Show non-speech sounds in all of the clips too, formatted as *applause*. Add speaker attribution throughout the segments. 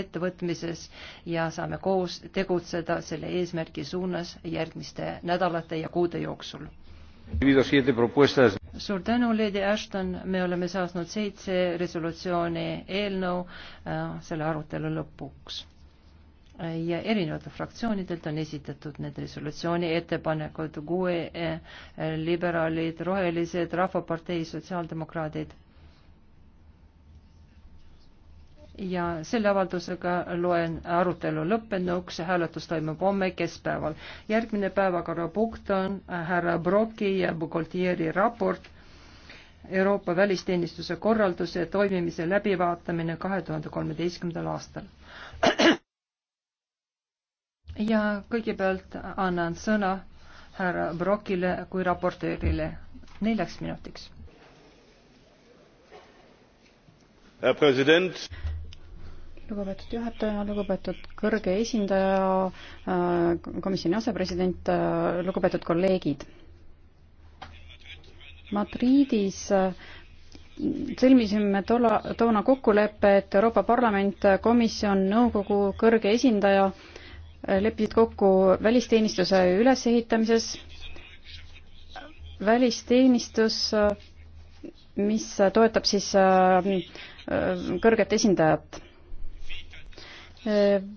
Speaker 1: ettevõtmises ja saame koos tegutseda selle eesmärgi suunas järgmiste nädalate ja kuude jooksul. suur tänu, Lady Ashton, me oleme saatnud seitse resolutsiooni eelnõu äh, selle arutelu lõpuks. ja erinevatelt fraktsioonidelt on esitatud need resolutsiooni ettepanekud, GUE, äh, liberaalid, rohelised, Rahvapartei, sotsiaaldemokraadid ja selle avaldusega loen arutelu lõppenuks ja hääletus toimub homme keskpäeval. järgmine päevakorrapunkt on äh, härra Broki ja Bukoltieri raport Euroopa välisteenistuse korralduse toimimise läbivaatamine kahe tuhande kolmeteistkümnendal aastal. *clears throat* ja kõigepealt annan sõna härra Brokile kui raportöörile neljaks minutiks.
Speaker 2: härra president
Speaker 3: lugupeetud juhataja, lugupeetud kõrge esindaja, äh, komisjoni asepresident, äh, lugupeetud kolleegid. Madridis äh, sõlmisime tola, toona kokkuleppe, et Euroopa Parlament, komisjon, nõukogu kõrge esindaja leppisid kokku välisteenistuse ülesehitamises. välisteenistus, mis toetab siis kõrget esindajat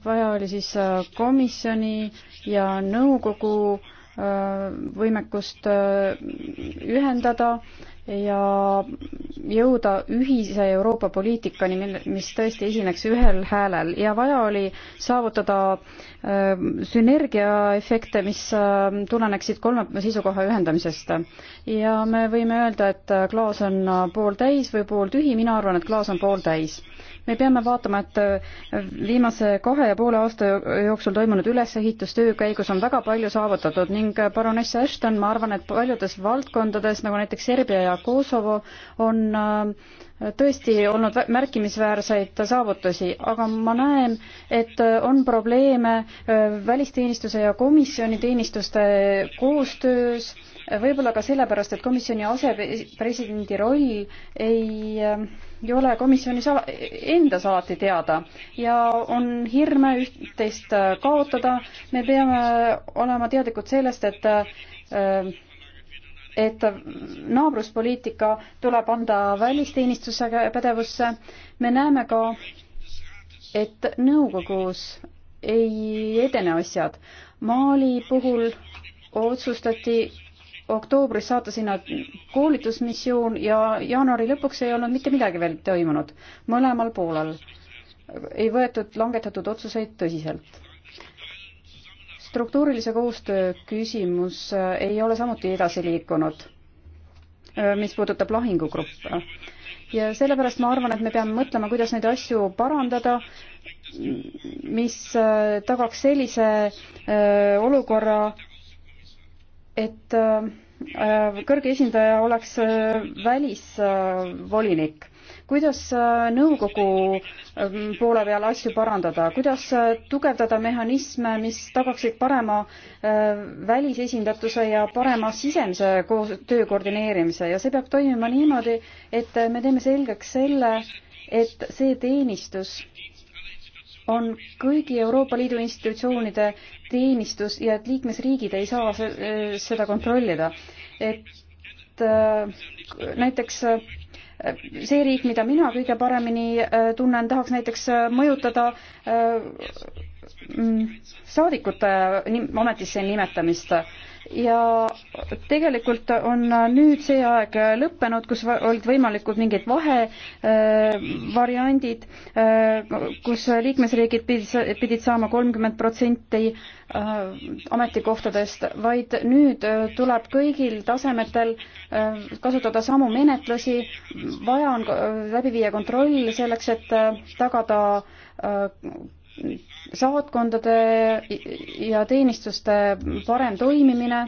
Speaker 3: vaja oli siis äh, komisjoni ja nõukogu äh, võimekust äh, ühendada ja jõuda ühise Euroopa poliitikani, mis tõesti esineks ühel häälel ja vaja oli saavutada sünergiaefekte, mis tuleneksid kolme seisukoha ühendamisest. ja me võime öelda, et klaas on pooltäis või pooltühi, mina arvan, et klaas on pooltäis me peame vaatama, et äh, viimase kahe ja poole aasta jooksul toimunud ülesehitustöö käigus on väga palju saavutatud ning äh, baroness Ashton, ma arvan, et paljudes valdkondades, nagu näiteks Serbia ja Kosovo, on äh, tõesti olnud märkimisväärseid saavutusi, aga ma näen, et on probleeme välisteenistuse ja komisjoni teenistuste koostöös, võib-olla ka sellepärast, et komisjoni asepresidendi roll ei ei ole komisjonis endas alati teada ja on hirme üht-teist äh, kaotada. me peame olema teadlikud sellest, et äh, et naabruspoliitika tuleb anda välisteenistuse pädevusse. me näeme ka, et nõukogus ei edene asjad. Mali puhul otsustati oktoobris saata sinna koolitusmissioon ja jaanuari lõpuks ei olnud mitte midagi veel toimunud. mõlemal poolel ei võetud langetatud otsuseid tõsiselt. struktuurilise koostöö küsimus äh, ei ole samuti edasi liikunud, äh, mis puudutab lahingugruppe. ja sellepärast ma arvan, et me peame mõtlema, kuidas neid asju parandada, mis äh, tagaks sellise olukorra, et äh, kõrge esindaja oleks äh, välisvolinik kuidas äh, nõukogu ähm, poole peal asju parandada, kuidas tugevdada mehhanisme, mis tagaksid parema välisesindatuse ja parema sisemise koos, töö koordineerimise ja see peab toimima niimoodi, et me teeme selgeks selle, et see teenistus on kõigi Euroopa Liidu institutsioonide teenistus ja et liikmesriigid ei saa eh, seda kontrollida. et eh, näiteks eh, see riik, mida mina kõige paremini tunnen, tahaks näiteks mõjutada mm, saadikute ametisse nimetamist ja tegelikult on nüüd see aeg lõppenud, kus olid võimalikud mingid vahevariandid, äh, äh, kus liikmesriigid pidid, pidid saama kolmkümmend protsenti äh, ametikohtadest, vaid nüüd tuleb kõigil tasemetel kasutada samu menetlusi, vaja on läbi viia kontroll selleks, et tagada saatkondade ja teenistuste parem toimimine.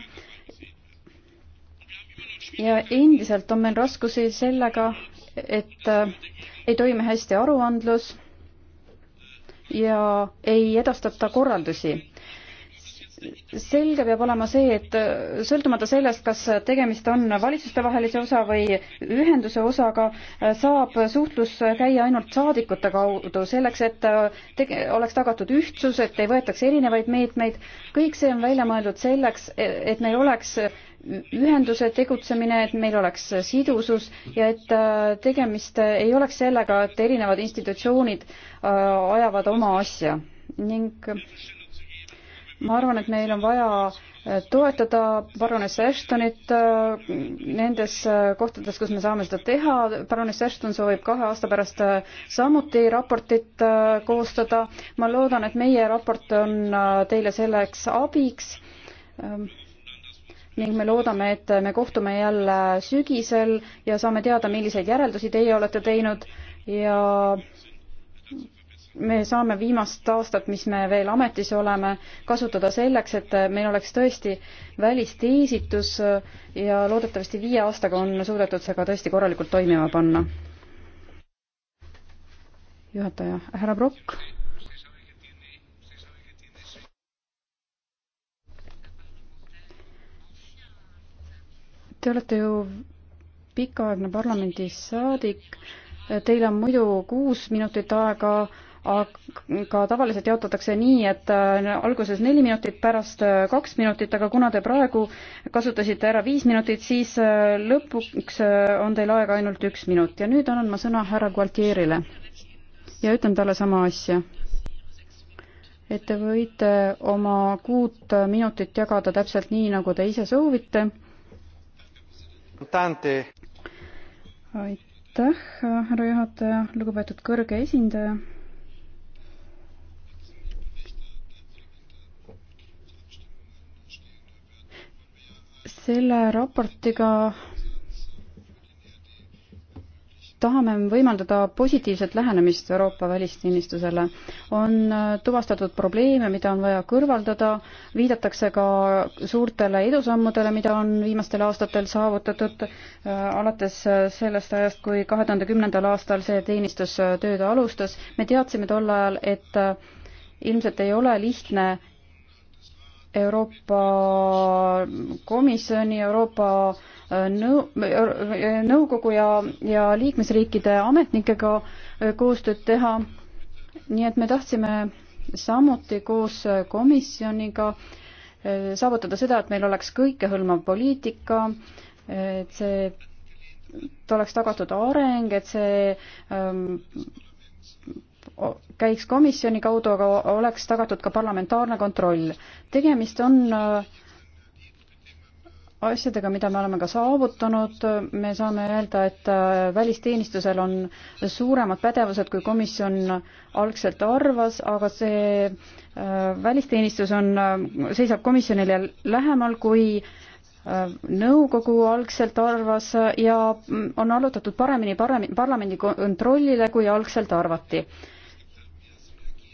Speaker 3: ja endiselt on meil raskusi sellega, et äh, ei toimi hästi aruandlus ja ei edastata korraldusi selge peab olema see, et sõltumata sellest, kas tegemist on valitsustevahelise osa või ühenduse osaga, saab suhtlus käia ainult saadikute kaudu, selleks et tege-, oleks tagatud ühtsus, et ei võetaks erinevaid meetmeid. kõik see on välja mõeldud selleks, et meil oleks ühenduse tegutsemine, et meil oleks sidusus ja et tegemist ei oleks sellega, et erinevad institutsioonid äh, ajavad oma asja ning ma arvan, et meil on vaja äh, toetada parunes Ashtonit äh, nendes äh, kohtades, kus me saame seda teha. parunes Ashton soovib kahe aasta pärast samuti raportit koostada. ma loodan, et meie raport on teile selleks abiks ähm, ning me loodame, et me kohtume jälle sügisel ja saame teada, milliseid järeldusi teie olete teinud ja me saame viimast aastat, mis me veel ametis oleme, kasutada selleks, et meil oleks tõesti välisteesitus ja loodetavasti viie aastaga on suudetud see ka tõesti korralikult toimima panna. juhataja, härra Brock. Te olete ju pikaaegne parlamendisaadik Teil on muidu kuus minutit aega, aga tavaliselt jaotatakse nii, et äh, alguses neli minutit, pärast äh, kaks minutit, aga kuna te praegu kasutasite ära viis minutit, siis äh, lõpuks on teil aega ainult üks minut ja nüüd annan ma sõna härra Gualtierile ja ütlen talle sama asja. et te võite oma kuut minutit jagada täpselt nii, nagu te ise soovite.
Speaker 2: aitäh
Speaker 3: aitäh, härra juhataja, lugupeetud kõrge esindaja. selle raportiga tahame võimaldada positiivset lähenemist Euroopa välisteenistusele. on äh, tuvastatud probleeme, mida on vaja kõrvaldada, viidatakse ka suurtele edusammudele, mida on viimastel aastatel saavutatud, äh, alates äh, sellest ajast, kui kahe tuhande kümnendal aastal see teenistus tööd alustas. me teadsime tol ajal, et ilmselt ei ole lihtne Euroopa Komisjoni, Euroopa äh, nõu-, nõukogu ja, ja liikmesriikide ametnikega äh, koostööd teha. nii et me tahtsime samuti koos äh, komisjoniga äh, saavutada seda, et meil oleks kõikehõlmav poliitika, et see, et oleks tagatud areng, et see ähm, käiks komisjoni kaudu, aga oleks tagatud ka parlamentaarne kontroll. tegemist on äh, asjadega, mida me oleme ka saavutanud, me saame öelda, et äh, välisteenistusel on suuremad pädevused, kui komisjon algselt arvas, aga see äh, välisteenistus on, äh, seisab komisjonile lähemal kui nõukogu algselt arvas ja mm, on allutatud paremini parem, parlamendi kontrollile, kui algselt arvati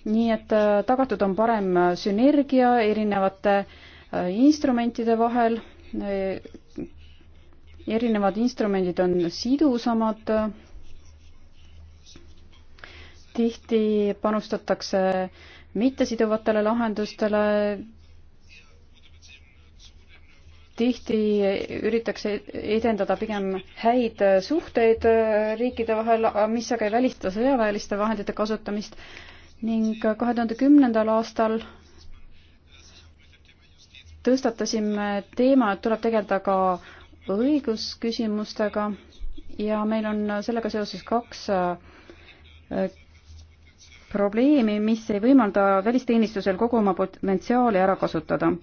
Speaker 3: nii et tagatud on parem sünergia erinevate instrumentide vahel erinevad instrumendid on sidusamad. tihti panustatakse mittesiduvatele lahendustele. tihti üritatakse edendada pigem häid suhteid riikide vahel, mis aga ei välista sõjaväeliste vahendite kasutamist ning kahe tuhande kümnendal aastal tõstatasime teema, et tuleb tegeleda ka õigusküsimustega ja meil on sellega seoses kaks äh, probleemi, mis ei võimalda välisteenistusel kogu oma potentsiaali ära kasutada.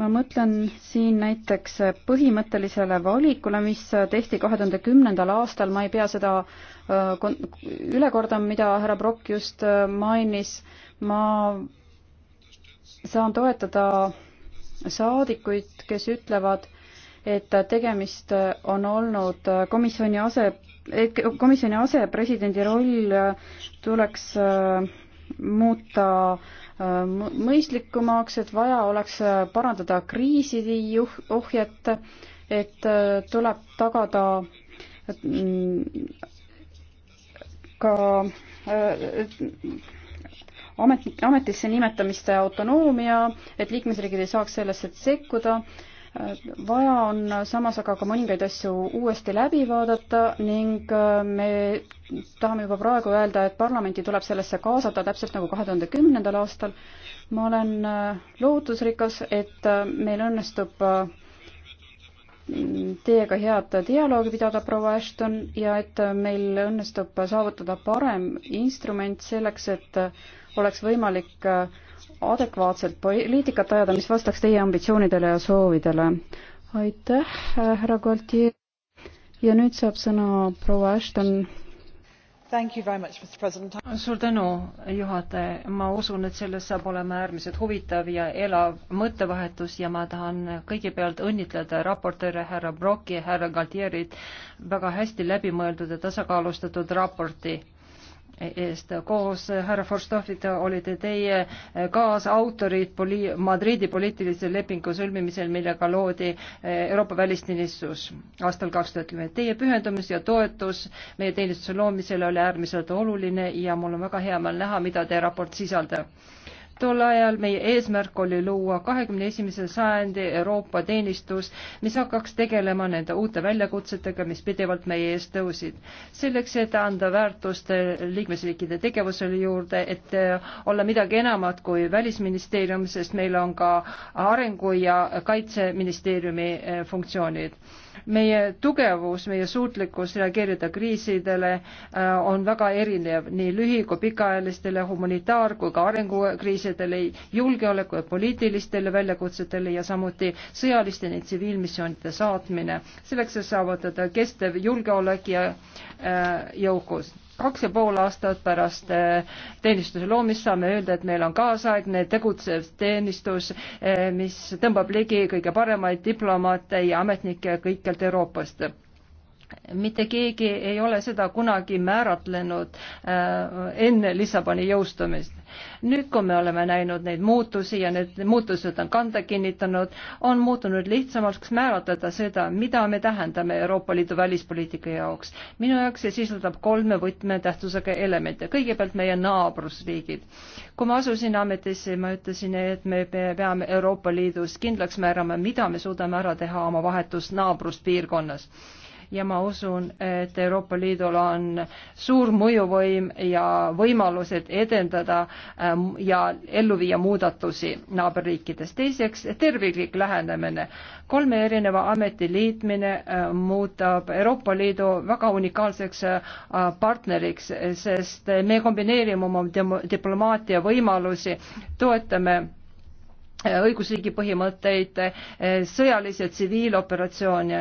Speaker 3: ma mõtlen siin näiteks põhimõttelisele valikule, mis tehti kahe tuhande kümnendal aastal, ma ei pea seda äh, üle kordama, mida härra Brock just äh, mainis, ma saan toetada saadikuid, kes ütlevad, et tegemist on olnud komisjoni ase, et komisjoni asepresidendi roll tuleks äh, muuta äh, mõistlikumaks, et vaja oleks parandada kriiside ohjet, et äh, tuleb tagada mm, ka amet, ametisse nimetamiste autonoomia, et liikmesriigid ei saaks sellesse sekkuda. vaja on samas aga ka mõningaid asju uuesti läbi vaadata ning äh, me tahame juba praegu öelda, et parlamenti tuleb sellesse kaasata täpselt nagu kahe tuhande kümnendal aastal. ma olen äh, lootusrikas, et äh, meil õnnestub teiega head dialoogi pidada, proua Ashton, ja et meil õnnestub saavutada parem instrument selleks, et oleks võimalik äh, adekvaatselt poliitikat ajada, mis vastaks teie ambitsioonidele ja soovidele. aitäh, äh, härra Gualtier. ja nüüd saab sõna proua Ashton.
Speaker 1: suur tänu, juhataja. ma usun, et sellest saab olema äärmiselt huvitav ja elav mõttevahetus ja ma tahan kõigepealt õnnitleda raportööre härra Brocki ja härra Galtierit väga hästi läbimõeldud ja tasakaalustatud raporti eest. koos härra Forstoffiga olite teie kaasautorid poli-, Madridi poliitilise lepingu sõlmimisel, millega loodi eh, Euroopa välisteenistus aastal kaks tuhat kümme. Teie pühendumus ja toetus meie teenistuse loomisele oli äärmiselt oluline ja mul on väga hea meel näha, mida teie raport sisaldab tol ajal meie eesmärk oli luua kahekümne esimese sajandi Euroopa teenistus, mis hakkaks tegelema nende uute väljakutsetega, mis pidevalt meie ees tõusid. selleks, et anda väärtust liikmesriikide tegevusele juurde, et äh, olla midagi enamat kui välisministeerium, sest meil on ka arengu- ja kaitseministeeriumi äh, funktsioonid meie tugevus, meie suutlikkus reageerida kriisidele äh, on väga erinev nii lühi- kui pikaajalistele humanitaar- kui ka arengukriisidele, julgeoleku ja poliitilistele väljakutsetele ja samuti sõjalistele tsiviilmissioonide saatmine, selleks et saavutada kestev julgeolek ja äh, jõukus kaks ja pool aastat pärast eh, teenistuse loomist saame öelda, et meil on kaasaegne tegutsev teenistus, eh, mis tõmbab ligi kõige paremaid diplomaate ja ametnikke kõikjalt Euroopast mitte keegi ei ole seda kunagi määratlenud äh, enne Lissaboni jõustumist. nüüd, kui me oleme näinud neid muutusi ja need muutused on kanda kinnitanud, on muutunud lihtsamaks määratleda seda, mida me tähendame Euroopa Liidu välispoliitika jaoks. minu jaoks see sisaldab kolme võtmetähtsusega elemente. kõigepealt meie naabrusriigid. kui ma asusin ametisse, ma ütlesin, et me peame Euroopa Liidus kindlaks määrama, mida me suudame ära teha oma vahetus naabruspiirkonnas ja ma usun, et Euroopa Liidul on suur mõjuvõim ja võimalused edendada ähm, ja ellu viia muudatusi naaberriikides. teiseks, terviklik lähenemine. kolme erineva ameti liitmine äh, muudab Euroopa Liidu väga unikaalseks äh, partneriks, sest me kombineerime oma diplomaatia võimalusi, toetame õigusriigi põhimõtteid, sõjalisi tsiviiloperatsioone.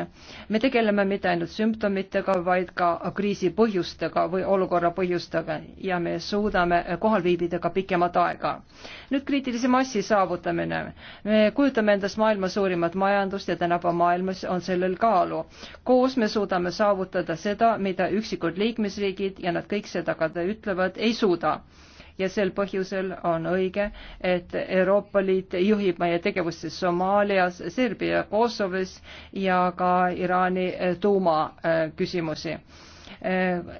Speaker 1: me tegeleme mitte ainult sümptomitega, vaid ka kriisi põhjustega või olukorra põhjustega ja me suudame kohal viibida ka pikemat aega. nüüd kriitilise massi saavutamine. me kujutame endast maailma suurimat majandust ja tänapäeva maailmas on sellel kaalu. koos me suudame saavutada seda, mida üksikud liikmesriigid ja nad kõik seda ka ütlevad, ei suuda ja sel põhjusel on õige, et Euroopa Liit juhib meie tegevust siis Somaalias, Serbia, Kosovos ja ka Iraani tuumaküsimusi äh,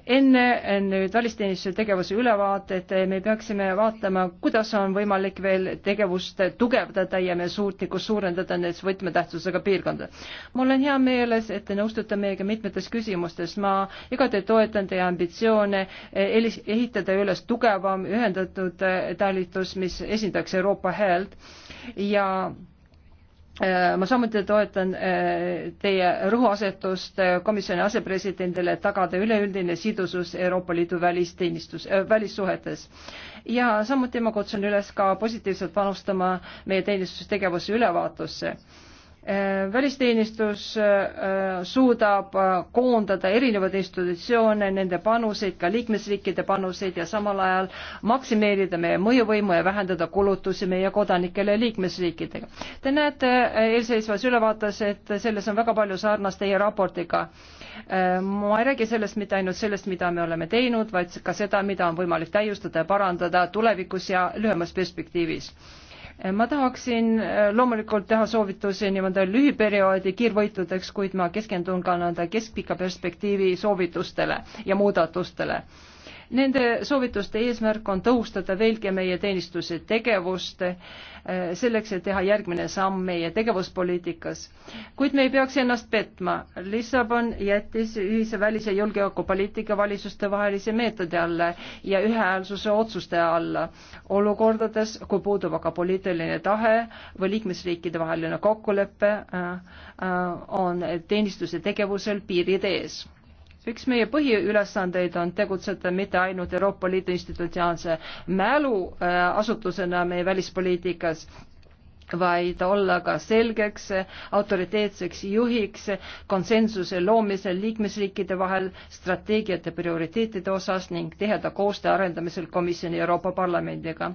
Speaker 1: enne nüüd välisteenistuse tegevuse ülevaatet eh, me peaksime vaatama, kuidas on võimalik veel tegevust tugevdada ja meie suutlikkust suurendada nendes võtmetähtsusega piirkondades. mul on hea meeles, et te nõustute meiega mitmetes küsimustes, ma igati toetan teie ambitsioone eh, ehitada üles tugevam ühendatud eh, talitus, mis esindaks Euroopa häält ja Äh, ma samuti toetan äh, teie rõhuasetust äh, komisjoni asepresidendile, et tagada üleüldine sidusus Euroopa Liidu välisteenistus äh,, välissuhetes. ja samuti ma kutsun üles ka positiivselt panustama meie teenistustegevuse ülevaatusse Äh, välisteenistus äh, suudab äh, koondada erinevaid institutsioone, nende panuseid, ka liikmesriikide panuseid ja samal ajal maksimeerida meie mõjuvõimu ja vähendada kulutusi meie kodanikele ja liikmesriikidega. Te näete eelseisvas ülevaates, et selles on väga palju sarnast teie raportiga. ma ei räägi sellest mitte ainult sellest, mida me oleme teinud, vaid ka seda, mida on võimalik täiustada ja parandada tulevikus ja lühemas perspektiivis ma tahaksin äh, loomulikult teha soovitusi nii-öelda lühiperioodi kiirvõitudeks, kuid ma keskendun ka nii-öelda keskpika perspektiivi soovitustele ja muudatustele Nende soovituste eesmärk on tõhustada veelgi meie teenistuse tegevust eh, selleks, et teha järgmine samm meie tegevuspoliitikas. kuid me ei peaks ennast petma. Lissabon jättis ühise välis- ja julgeolekupoliitika valitsuste vahelise meetodi alla ja ühehäälsuse otsuste alla olukordades, kui puudub aga poliitiline tahe või liikmesriikide vaheline kokkulepe, eh, eh, on teenistuse tegevusel piirid ees üks meie põhiülesandeid on tegutseda mitte ainult Euroopa Liidu institutsionaalse mälu asutusena meie välispoliitikas vaid olla ka selgeks autoriteetseks juhiks konsensuse loomisel liikmesriikide vahel strateegiate prioriteetide osas ning tiheda koostöö arendamisel komisjoni Euroopa Parlamendiga.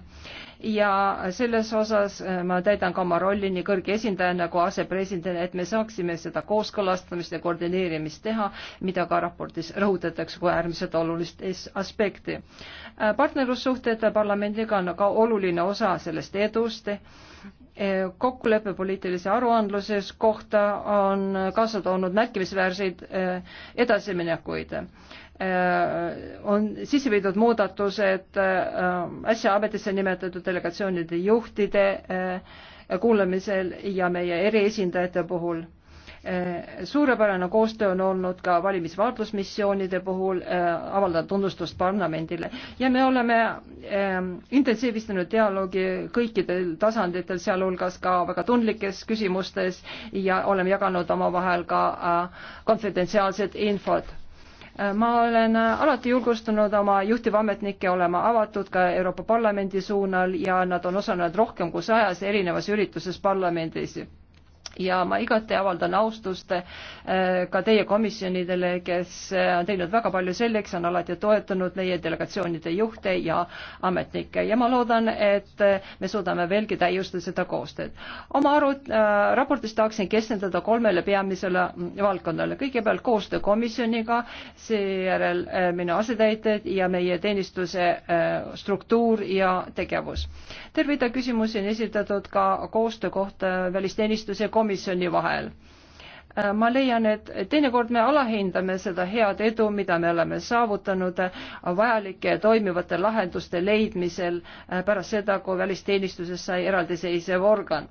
Speaker 1: ja selles osas äh, ma täidan ka oma rolli nii kõrge esindajana kui asepresidendina, et me saaksime seda kooskõlastamist ja koordineerimist teha, mida ka raportis rõhutatakse kui äärmiselt olulist aspekti. Äh, partnerlussuhted parlamendiga on ka oluline osa sellest edust kokkulepe poliitilise aruandluses kohta on kaasa toonud märkimisväärseid eh, edasiminekuid. Eh, on sisse viidud muudatused eh, äsja ametisse nimetatud delegatsioonide juhtide kuulamisel ja meie eriesindajate puhul Eh, suurepärane koostöö on olnud ka valimisvaatlusmissioonide puhul, eh, avaldan tunnustust parlamendile ja me oleme eh, intensiivistanud dialoogi kõikidel tasanditel, sealhulgas ka väga tundlikes küsimustes ja oleme jaganud omavahel ka konfidentsiaalset infot ma olen alati julgustanud oma juhtivametnikke olema avatud ka Euroopa Parlamendi suunal ja nad on osalenud rohkem kui sajas erinevas ürituses parlamendis ja ma igati avaldan austust äh, ka teie komisjonidele, kes äh, on teinud väga palju selleks, on alati toetanud meie delegatsioonide juhte ja ametnikke ja ma loodan, et äh, me suudame veelgi täiustada seda koostööd. oma arut- äh,, raportis tahaksin keskenduda kolmele peamisele mm, valdkonnale. kõigepealt koostöö komisjoniga, seejärel äh, minu asetäitjad ja meie teenistuse äh, struktuur ja tegevus. terve rida küsimusi on esitatud ka koostöö kohta välisteenistuse komisjoniga komisjoni vahel. Äh, ma leian, et teinekord me alahindame seda head edu, mida me oleme saavutanud äh, vajalike toimivate lahenduste leidmisel äh, pärast seda, kui välisteenistuses sai eraldiseisev organ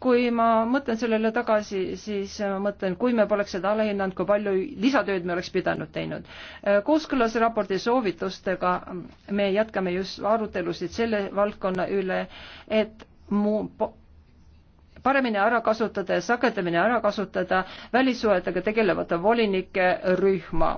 Speaker 1: kui ma mõtlen sellele tagasi, siis ma mõtlen, kui me poleks seda alahinnanud, kui palju lisatööd me oleks pidanud teinud. kooskõlas raporti soovitustega mm, me jätkame just arutelusid selle valdkonna üle, et mu paremini ära kasutada ja sagedamini ära kasutada välissuhetega tegelevate volinike rühma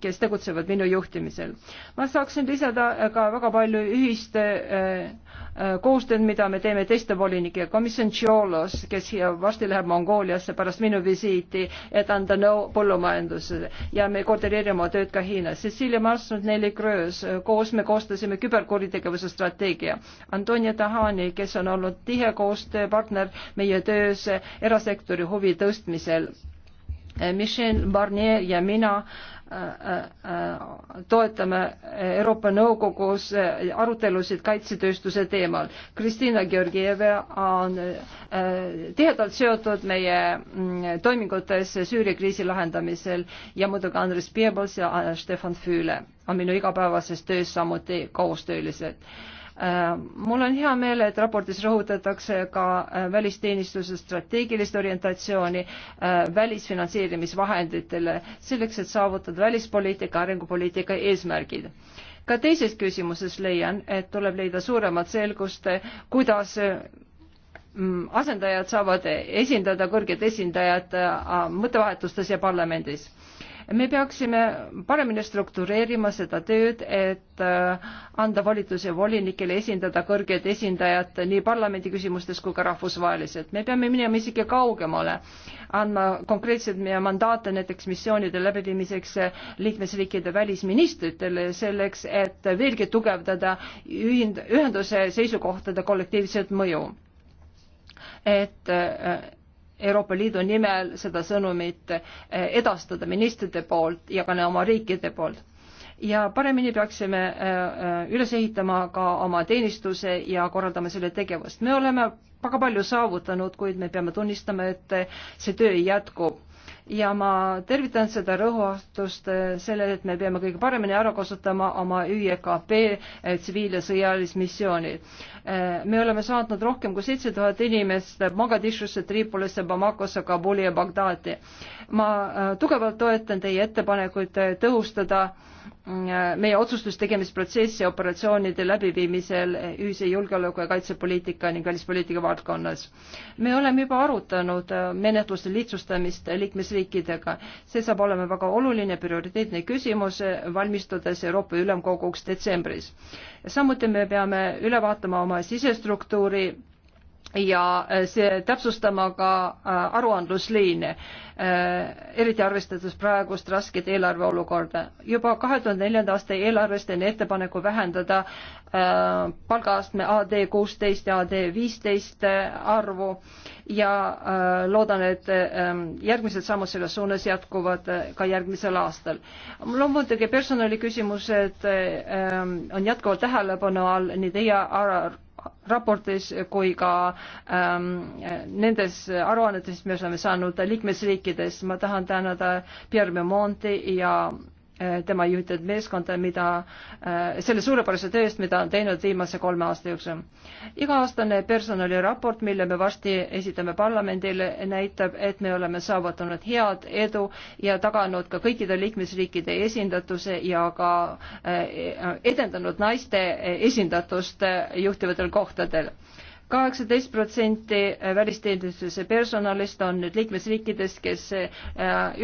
Speaker 1: kes tegutsevad minu juhtimisel. ma saaksin lisada ka väga palju ühist äh, äh, koostööd, mida me teeme teiste volinikega, komisjon Tšiolos, kes varsti läheb Mongooliasse pärast minu visiiti, et anda nõu põllumajandusele ja me koordineerime oma tööd ka Hiinas. Cecilia Marsson, Nelli Gröös, äh, koos me koostasime küberkuritegevuse strateegia. Antonia Tahani, kes on olnud tihe koostööpartner meie töös erasektori huvi tõstmisel Michel Barnier ja mina toetame Euroopa Nõukogus arutelusid kaitsetööstuse teemal. Kristina Georgieva on äh, tihedalt seotud meie mm, toimingutes Süüria kriisi lahendamisel ja muidugi Andres Piebals ja Stefan Füüle on minu igapäevases töös samuti koostöölised Äh, mul on hea meel, et raportis rõhutatakse ka äh, välisteenistuse strateegilist orientatsiooni äh, välisfinantseerimisvahenditele selleks, et saavutada välispoliitika, arengupoliitika eesmärgid ka teises küsimuses leian, et tuleb leida suuremat selgust, kuidas mm, asendajad saavad esindada kõrget esindajat mõttevahetustes ja parlamendis me peaksime paremini struktureerima seda tööd, et äh, anda volitusi volinikele esindada kõrged esindajad nii parlamendi küsimustes kui ka rahvusvaheliselt. me peame minema isegi kaugemale, andma konkreetselt meie mandaate näiteks missioonide läbiviimiseks äh, liikmesriikide välisministritele, selleks et veelgi tugevdada ühind-, ühenduse seisukohtade kollektiivset mõju. et äh, Euroopa Liidu nimel seda sõnumit eh, edastada ministrite poolt ja ka oma riikide poolt. ja paremini peaksime eh, eh, üles ehitama ka oma teenistuse ja korraldama selle tegevust. me oleme väga palju saavutanud, kuid me peame tunnistama, et see töö jätkub ja ma tervitan seda rõhuastust eh, sellele, et me peame kõige paremini ära kasutama oma ÜKP eh, tsiviil- ja sõjalismissioonid. Eh, me oleme saatnud rohkem kui seitse tuhat inimest Mogadishusse, Tripolisse, Bamakosse, Kabuli ja Bagdadi. ma tugevalt toetan teie ettepanekuid tõhustada meie otsustustegemisprotsessi operatsioonide läbiviimisel ühise julgeoleku ja kaitsepoliitika ning välispoliitika valdkonnas. me oleme juba arutanud äh, menetluste lihtsustamist liikmesriikidega. see saab olema väga oluline prioriteetne küsimus, äh, valmistudes Euroopa Ülemkoguks detsembris. samuti me peame üle vaatama oma sisestruktuuri ja äh, see, täpsustama ka äh, aruandlusliine, äh, eriti arvestades praegust rasket eelarve olukorda. juba kahe tuhande neljanda aasta eelarves teen ettepaneku vähendada palgaastme AD kuusteist ja AD viisteist arvu ja loodan, et ähm, järgmised sammud selles suunas jätkuvad ka järgmisel aastal. mul on muidugi personaliküsimused ähm, on jätkuvalt tähelepanu all nii teie raportis kui ka ähm, nendes aruannetes, mis oleme saanud liikmesriikides. ma tahan tänada Pierre Monti ja tema juhitud meeskonda, mida, äh, selle suurepärase töö eest, mida on teinud viimase kolme aasta jooksul. iga-aastane personaliraport, mille me varsti esitame parlamendile, näitab, et me oleme saavutanud head edu ja taganud ka kõikide liikmesriikide esindatuse ja ka äh, edendanud naiste esindatust juhtivatel kohtadel kaheksateist protsenti välisteenistuse personalist on nüüd liikmesriikides, kes äh,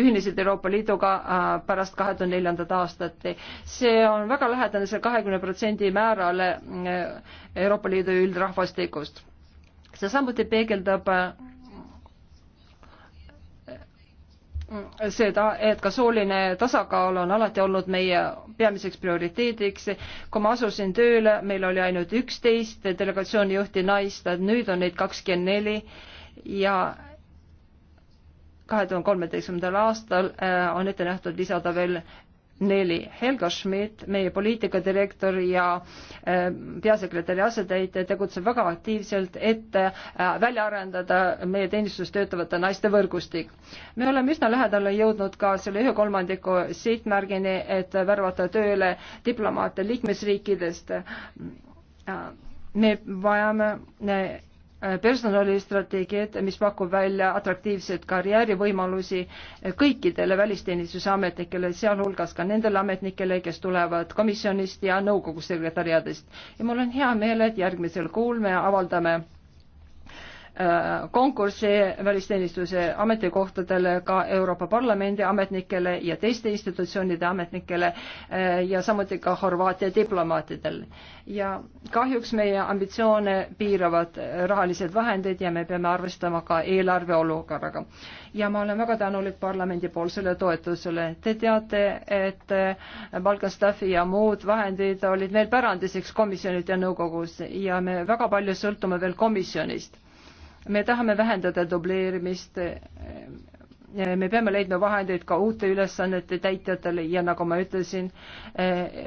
Speaker 1: ühinesid Euroopa Liiduga äh, pärast kahe tuhande neljandat aastat. see on väga lähedane selle kahekümne protsendi määrale äh, Euroopa Liidu üldrahvastikust. see samuti peegeldab seda, et ka sooline tasakaal on alati olnud meie peamiseks prioriteediks. kui ma asusin tööle, meil oli ainult üksteist delegatsiooni juhti naist, nüüd on neid kakskümmend neli ja kahe tuhande kolmeteistkümnendal aastal äh, on ette nähtud lisada veel neli. Helga Schmidt, meie poliitikadirektor ja äh, peasekretäri asetäitja tegutseb väga aktiivselt, et äh, välja arendada meie teenistuses töötavate naiste võrgustik. me oleme üsna lähedale jõudnud ka selle ühe kolmandiku sihtmärgini, et värvata tööle diplomaate liikmesriikidest. Äh, me vajame personalistrateegiat, mis pakub välja atraktiivseid karjäärivõimalusi kõikidele välisteenistuse ametnikele, sealhulgas ka nendele ametnikele, kes tulevad komisjonist ja nõukogu sekretäriadist. ja mul on hea meel, et järgmisel kuul me avaldame Äh, konkursi välisteenistuse ametikohtadele ka Euroopa Parlamendi ametnikele ja teiste institutsioonide ametnikele äh, ja samuti ka Horvaatia diplomaatidel. ja kahjuks meie ambitsioone piiravad äh, rahalised vahendid ja me peame arvestama ka eelarve olukorraga. ja ma olen väga tänulik parlamendipoolsele toetusele. Te teate, et palgastafi ja muud vahendid olid meil pärandiseks komisjonid ja nõukogus ja me väga palju sõltume veel komisjonist me tahame vähendada dubleerimist. me peame leidma vahendeid ka uute ülesannete täitjatele ja nagu ma ütlesin,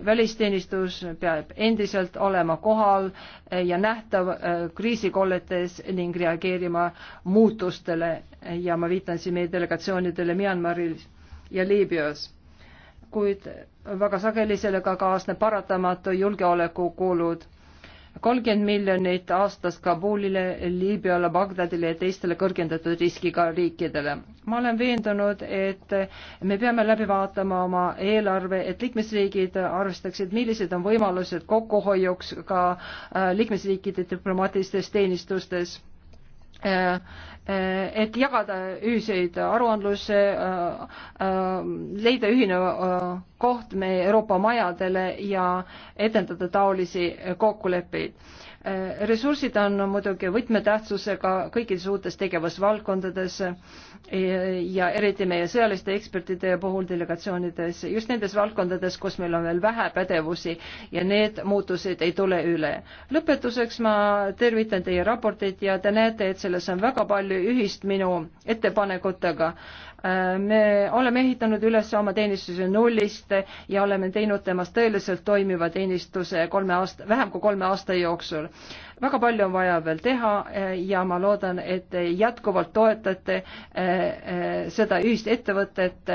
Speaker 1: välisteenistus peab endiselt olema kohal ja nähtav äh, kriisikolletes ning reageerima muutustele ja ma viitan siin meie delegatsioonidele Myanmaris ja Liibüas kuid väga sageli sellega kaasneb paratamatu julgeolekukulud kolmkümmend miljonit aastas Kabulile, Liibüale, Bagdadile ja teistele kõrgendatud riskiga riikidele. ma olen veendunud, et me peame läbi vaatama oma eelarve, et liikmesriigid arvestaksid, millised on võimalused kokkuhoiuks ka äh, liikmesriikide diplomaatilistes teenistustes Äh, äh, et jagada ühiseid aruandlusi, äh, leida ühine koht meie Euroopa majadele ja edendada taolisi kokkuleppeid ressursid on muidugi võtmetähtsusega kõikides uutes tegevusvaldkondades e, ja eriti meie sõjaliste ekspertide puhul delegatsioonides, just nendes valdkondades, kus meil on veel vähe pädevusi ja need muutused ei tule üle. lõpetuseks ma tervitan teie raportit ja te näete, et selles on väga palju ühist minu ettepanekutega me oleme ehitanud üles oma teenistuse nullist ja oleme teinud temast tõeliselt toimiva teenistuse kolme aasta, vähem kui kolme aasta jooksul. väga palju on vaja veel teha e, ja ma loodan, et te jätkuvalt toetate e, e, seda ühist ettevõtet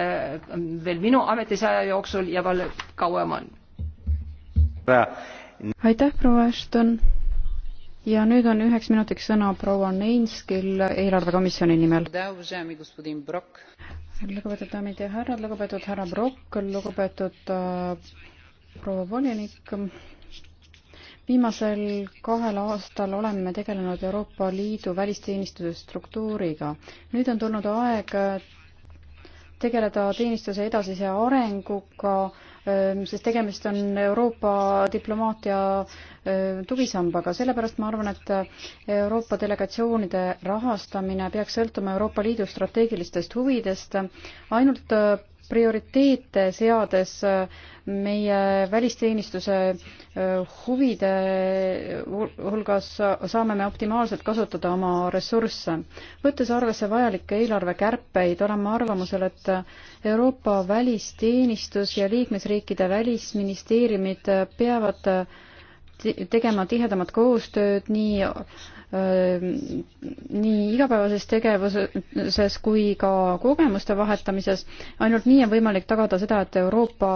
Speaker 1: veel minu ametisaja jooksul ja veel kauem on.
Speaker 3: aitäh, proua Ashton ja nüüd on üheks minutiks sõna proua Neinskil eelarvekomisjoni nimel. lugupeetud daamid ja härrad, lugupeetud härra Brock, lugupeetud äh, proua volinik. viimasel kahel aastal oleme tegelenud Euroopa Liidu välisteenistuse struktuuriga. nüüd on tulnud aeg tegeleda teenistuse edasise arenguga äh, Ehm, sest tegemist on Euroopa diplomaatia ehm, tugisambaga, sellepärast ma arvan, et äh, Euroopa delegatsioonide rahastamine peaks sõltuma Euroopa Liidu strateegilistest huvidest, ainult äh, prioriteete seades meie välisteenistuse äh, huvide hulgas saame me optimaalselt kasutada oma ressursse. võttes arvesse vajalikke eelarvekärpeid, olen ma arvamusel, et Euroopa välisteenistus ja liikmesriikide välisministeeriumid peavad tegema tihedamat koostööd nii nii igapäevases tegevuses kui ka kogemuste vahetamises. ainult nii on võimalik tagada seda, et Euroopa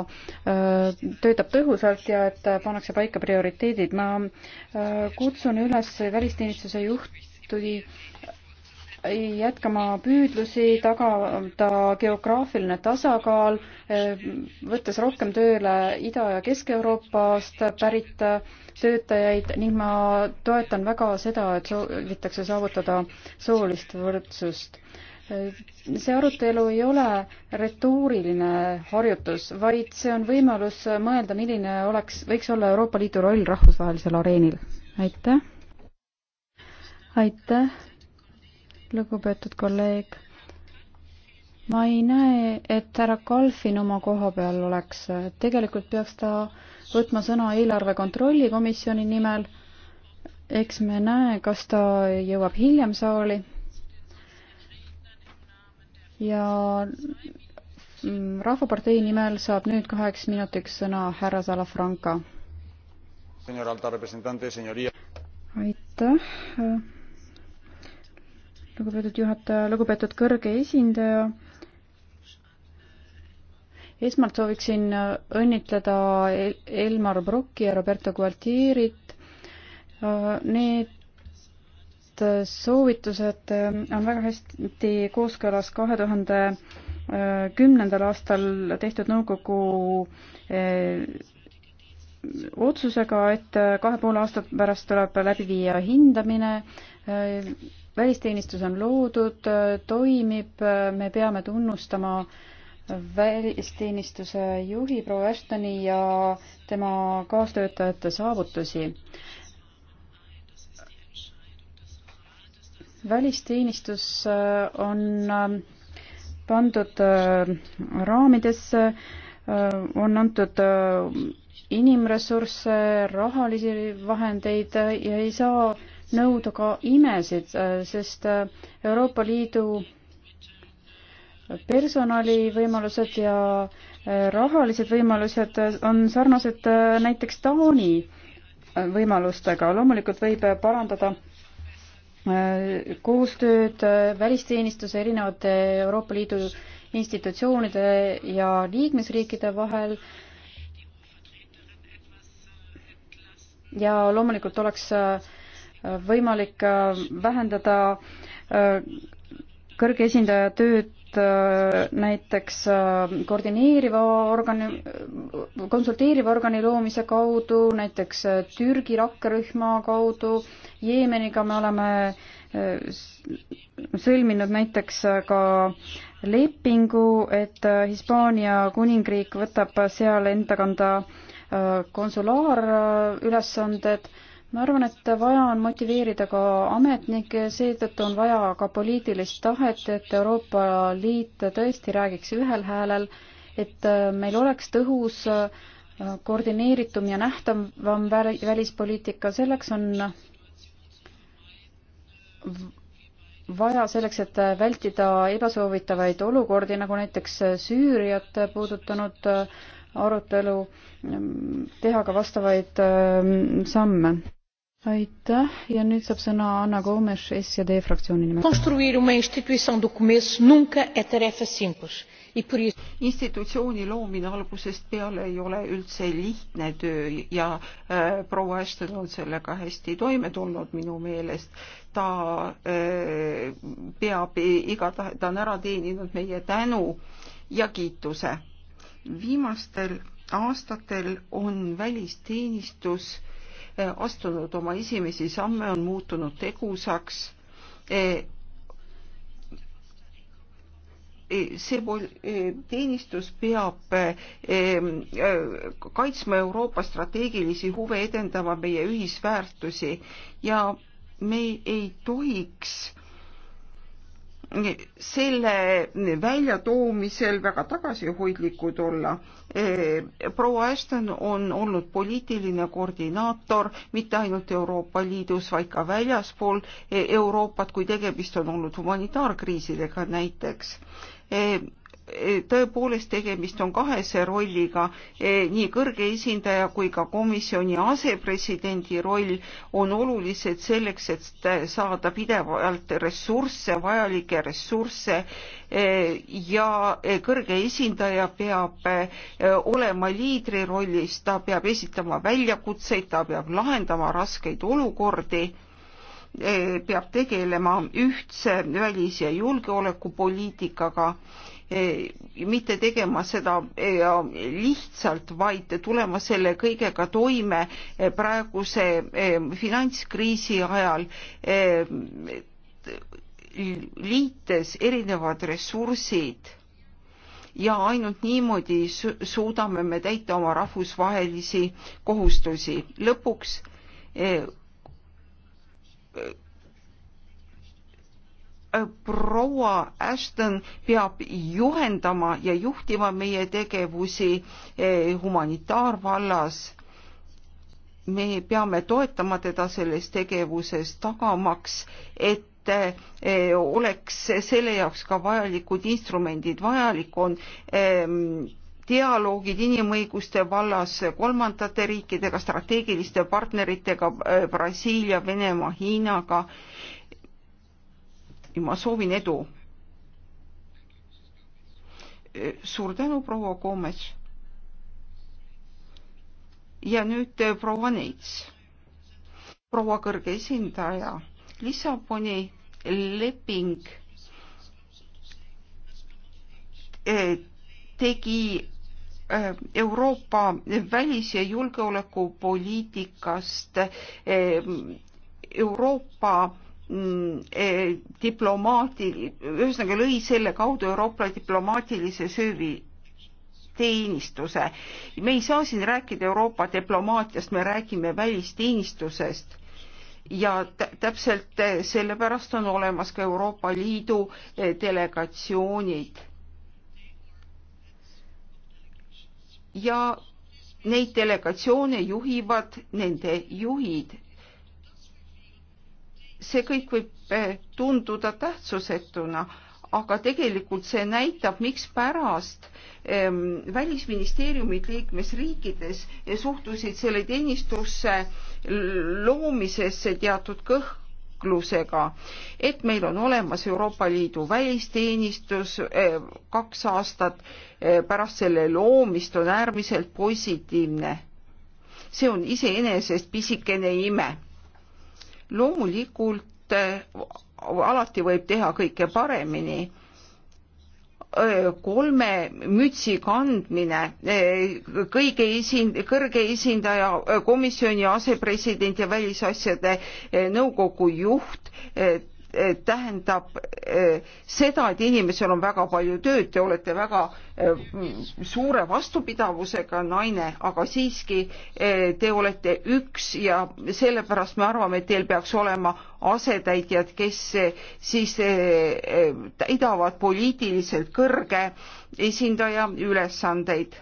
Speaker 3: töötab tõhusalt ja et pannakse paika prioriteedid. ma kutsun üles välisteenistuse juhti jätkama püüdlusi, tagada geograafiline tasakaal, võttes rohkem tööle Ida- ja Kesk-Euroopast pärit töötajaid ning ma toetan väga seda, et soovitakse saavutada soolist võrdsust. see arutelu ei ole retooriline harjutus, vaid see on võimalus mõelda, milline oleks, võiks olla Euroopa Liidu roll rahvusvahelisel areenil. aitäh! aitäh! lugupeetud kolleeg. ma ei näe, et härra Kalfin oma koha peal oleks, tegelikult peaks ta võtma sõna eelarve kontrolli komisjoni nimel. eks me näe, kas ta jõuab hiljem saali. ja mm, Rahvapartei nimel saab nüüd kaheks minutiks sõna härra Salafranca. aitäh lugupeetud juhataja, lugupeetud kõrge esindaja. esmalt sooviksin õnnitleda El Elmar Brocki ja Roberto Gualtierit. Need soovitused on väga hästi kooskõlas kahe tuhande kümnendal aastal tehtud nõukogu eh, otsusega, et kahe poole aasta pärast tuleb läbi viia hindamine eh, välisteenistus on loodud, toimib, me peame tunnustama välisteenistuse juhi proua Ashtoni ja tema kaastöötajate saavutusi. välisteenistus äh, on äh, pandud äh, raamidesse, on antud inimressursse, rahalisi vahendeid ja ei saa nõuda ka imesid, äh, sest äh, Euroopa Liidu personalivõimalused ja äh, rahalised võimalused on sarnased näiteks Taani võimalustega. loomulikult võib parandada koostööd välisteenistuse erinevate Euroopa Liidu institutsioonide ja liikmesriikide vahel. ja loomulikult oleks äh, võimalik äh, vähendada äh, kõrge esindaja tööd äh, näiteks koordineeriva organi, konsulteeriva organi loomise kaudu, näiteks Türgi rakkerühma kaudu, Jeemeniga me oleme sõlminud näiteks ka lepingu, et Hispaania kuningriik võtab seal enda kanda konsulaarülesanded ma arvan, et vaja on motiveerida ka ametnikke, seetõttu on vaja ka poliitilist tahet, et Euroopa Liit tõesti räägiks ühel häälel, et meil oleks tõhus, koordineeritum ja nähtavam välispoliitika, selleks on vaja selleks, et vältida ebasoovitavaid olukordi, nagu näiteks Süüriat puudutanud arutelu, teha ka vastavaid samme aitäh ja nüüd saab sõna Anna Gomes S ja D fraktsiooni nimel. Construir uma instituição do começo
Speaker 2: nunca é tarefa simples e por isso institutsiooni loomine algusest peale ei ole üldse lihtne töö ja äh, proua Ashton on sellega hästi toime tulnud minu meelest. ta äh, peab igatahes, ta on ära teeninud meie tänu ja kiituse. viimastel aastatel on välisteenistus äh, astunud oma esimesi samme, on muutunud tegusaks. E, e, see e, teenistus peab kaitsma Euroopa strateegilisi huve, edendama meie ühisväärtusi ja me ei tohiks selle väljatoomisel väga tagasihoidlikud olla. Eh, proua Ashton on olnud poliitiline koordinaator mitte ainult Euroopa Liidus, vaid ka väljaspool eh, Euroopat, kui tegemist on olnud humanitaarkriisidega näiteks eh, tõepoolest tegemist on kahese rolliga, e, nii kõrge esindaja kui ka komisjoni asepresidendi roll on olulised selleks, et saada pidevalt ressursse, vajalikke ressursse e, ja kõrge esindaja peab e, olema liidri rollis, ta peab esitama väljakutseid, ta peab lahendama raskeid olukordi E, peab tegelema ühtse välis- ja julgeolekupoliitikaga, e, mitte tegema seda e, lihtsalt, vaid tulema selle kõigega toime praeguse finantskriisi ajal liites erinevad ressursid ja ainult niimoodi suudame me täita oma rahvusvahelisi kohustusi. lõpuks Äh, proua Ashton peab juhendama ja juhtima meie tegevusi äh, humanitaarvallas. me peame toetama teda selles tegevuses, tagamaks, et äh, oleks selle jaoks ka vajalikud instrumendid, vajalik on ähm, dialoogid inimõiguste vallas kolmandate riikidega, strateegiliste partneritega äh, Brasiilia, Venemaa, Hiinaga. ma soovin edu. Äh, suur tänu, proua Koomes. ja nüüd äh, proua Neits, proua kõrge esindaja, Lissaboni leping tegi Äh, Euroopa välis- ja julgeolekupoliitikast äh, Euroopa mm, äh, diplomaati, ühesõnaga lõi selle kaudu Euroopa diplomaatilise söövi teenistuse. me ei saa siin rääkida Euroopa diplomaatiast, me räägime välisteenistusest ja täpselt sellepärast on olemas ka Euroopa Liidu delegatsioonid ja neid delegatsioone juhivad nende juhid. see kõik võib eh, tunduda tähtsusetuna, aga tegelikult see näitab, mikspärast ähm, välisministeeriumid liikmesriikides suhtusid selle teenistusse loomisesse teatud kõh-, liiklusega, et meil on olemas Euroopa Liidu välisteenistus, eh, kaks aastat eh, pärast selle loomist on äärmiselt positiivne. see on iseenesest pisikene ime. loomulikult eh, alati võib teha kõike paremini kolme mütsi kandmine, kõige esind-, kõrge esindaja, komisjoni asepresident ja välisasjade nõukogu juht Eh, tähendab eh, seda, et inimesel on väga palju tööd, te olete väga eh, suure vastupidavusega naine, aga siiski te olete üks ja sellepärast me arvame, et teil peaks olema asetäitjad, kes siis täidavad poliitiliselt kõrge esindaja ülesandeid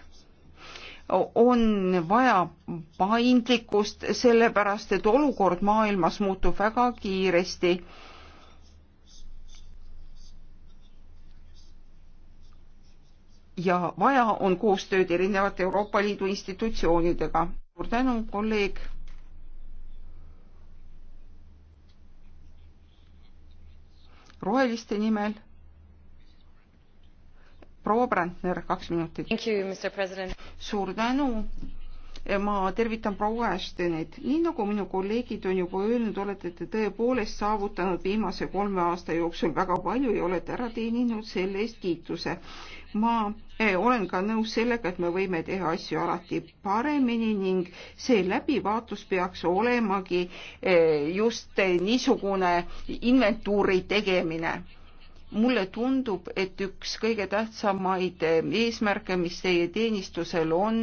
Speaker 2: on vaja paindlikkust, sellepärast et olukord maailmas muutub väga kiiresti ja vaja on koostööd erinevate Euroopa Liidu institutsioonidega. suur tänu, kolleeg. roheliste nimel proua Brandner, kaks minutit. suur tänu, ma tervitan proua Ashtonit. nii nagu minu kolleegid on juba öelnud, olete te tõepoolest saavutanud viimase kolme aasta jooksul väga palju ja olete ära teeninud selle eest kiituse. ma eh, olen ka nõus sellega, et me võime teha asju alati paremini ning see läbivaatus peaks olemagi eh, just niisugune inventuuri tegemine mulle tundub, et üks kõige tähtsamaid eh, eesmärke, mis teie teenistusel on,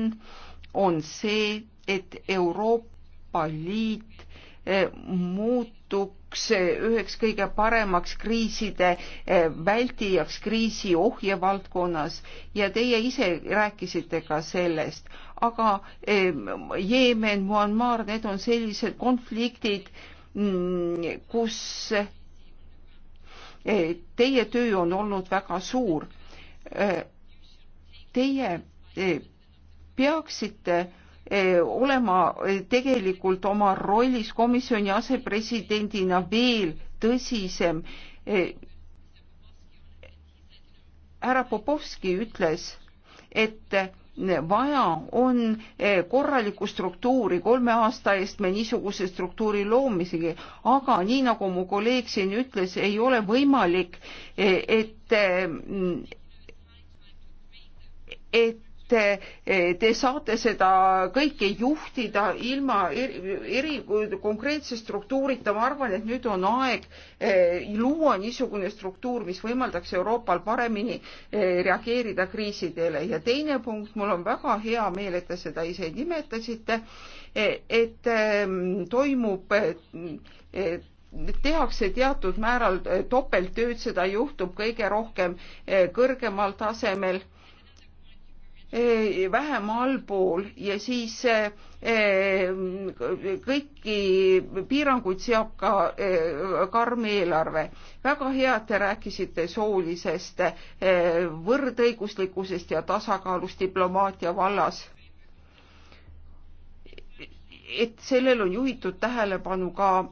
Speaker 2: on see, et Euroopa Liit eh, muutuks eh, üheks kõige paremaks kriiside eh, vältijaks kriisi ohje valdkonnas ja teie ise rääkisite ka sellest, aga Jeemen, Myanmar, need on sellised konfliktid, mm, kus teie töö on olnud väga suur. Teie peaksite eh, olema eh, tegelikult oma rollis komisjoni asepresidendina veel tõsisem. Eh, härra Popovski ütles, et vaja on korralikku struktuuri, kolme aasta eest me niisuguse struktuuri loomisegi, aga nii nagu mu kolleeg siin ütles, ei ole võimalik, et, mm, et et te saate seda kõike juhtida ilma eri, eri konkreetse struktuurita. ma arvan, et nüüd on aeg eh, luua niisugune struktuur, mis võimaldaks Euroopal paremini eh, reageerida kriisidele ja teine punkt, mul on väga hea meel, et te seda ise nimetasite, eh, et ehm, toimub tehakse teatud määral topelttööd, seda juhtub kõige rohkem kõrgemal tasemel vähem allpool ja siis kõiki piiranguid seab ka karm eelarve. väga hea, et te rääkisite soolisest võrdõiguslikkusest ja tasakaalust diplomaatia vallas. et sellel on juhitud tähelepanu ka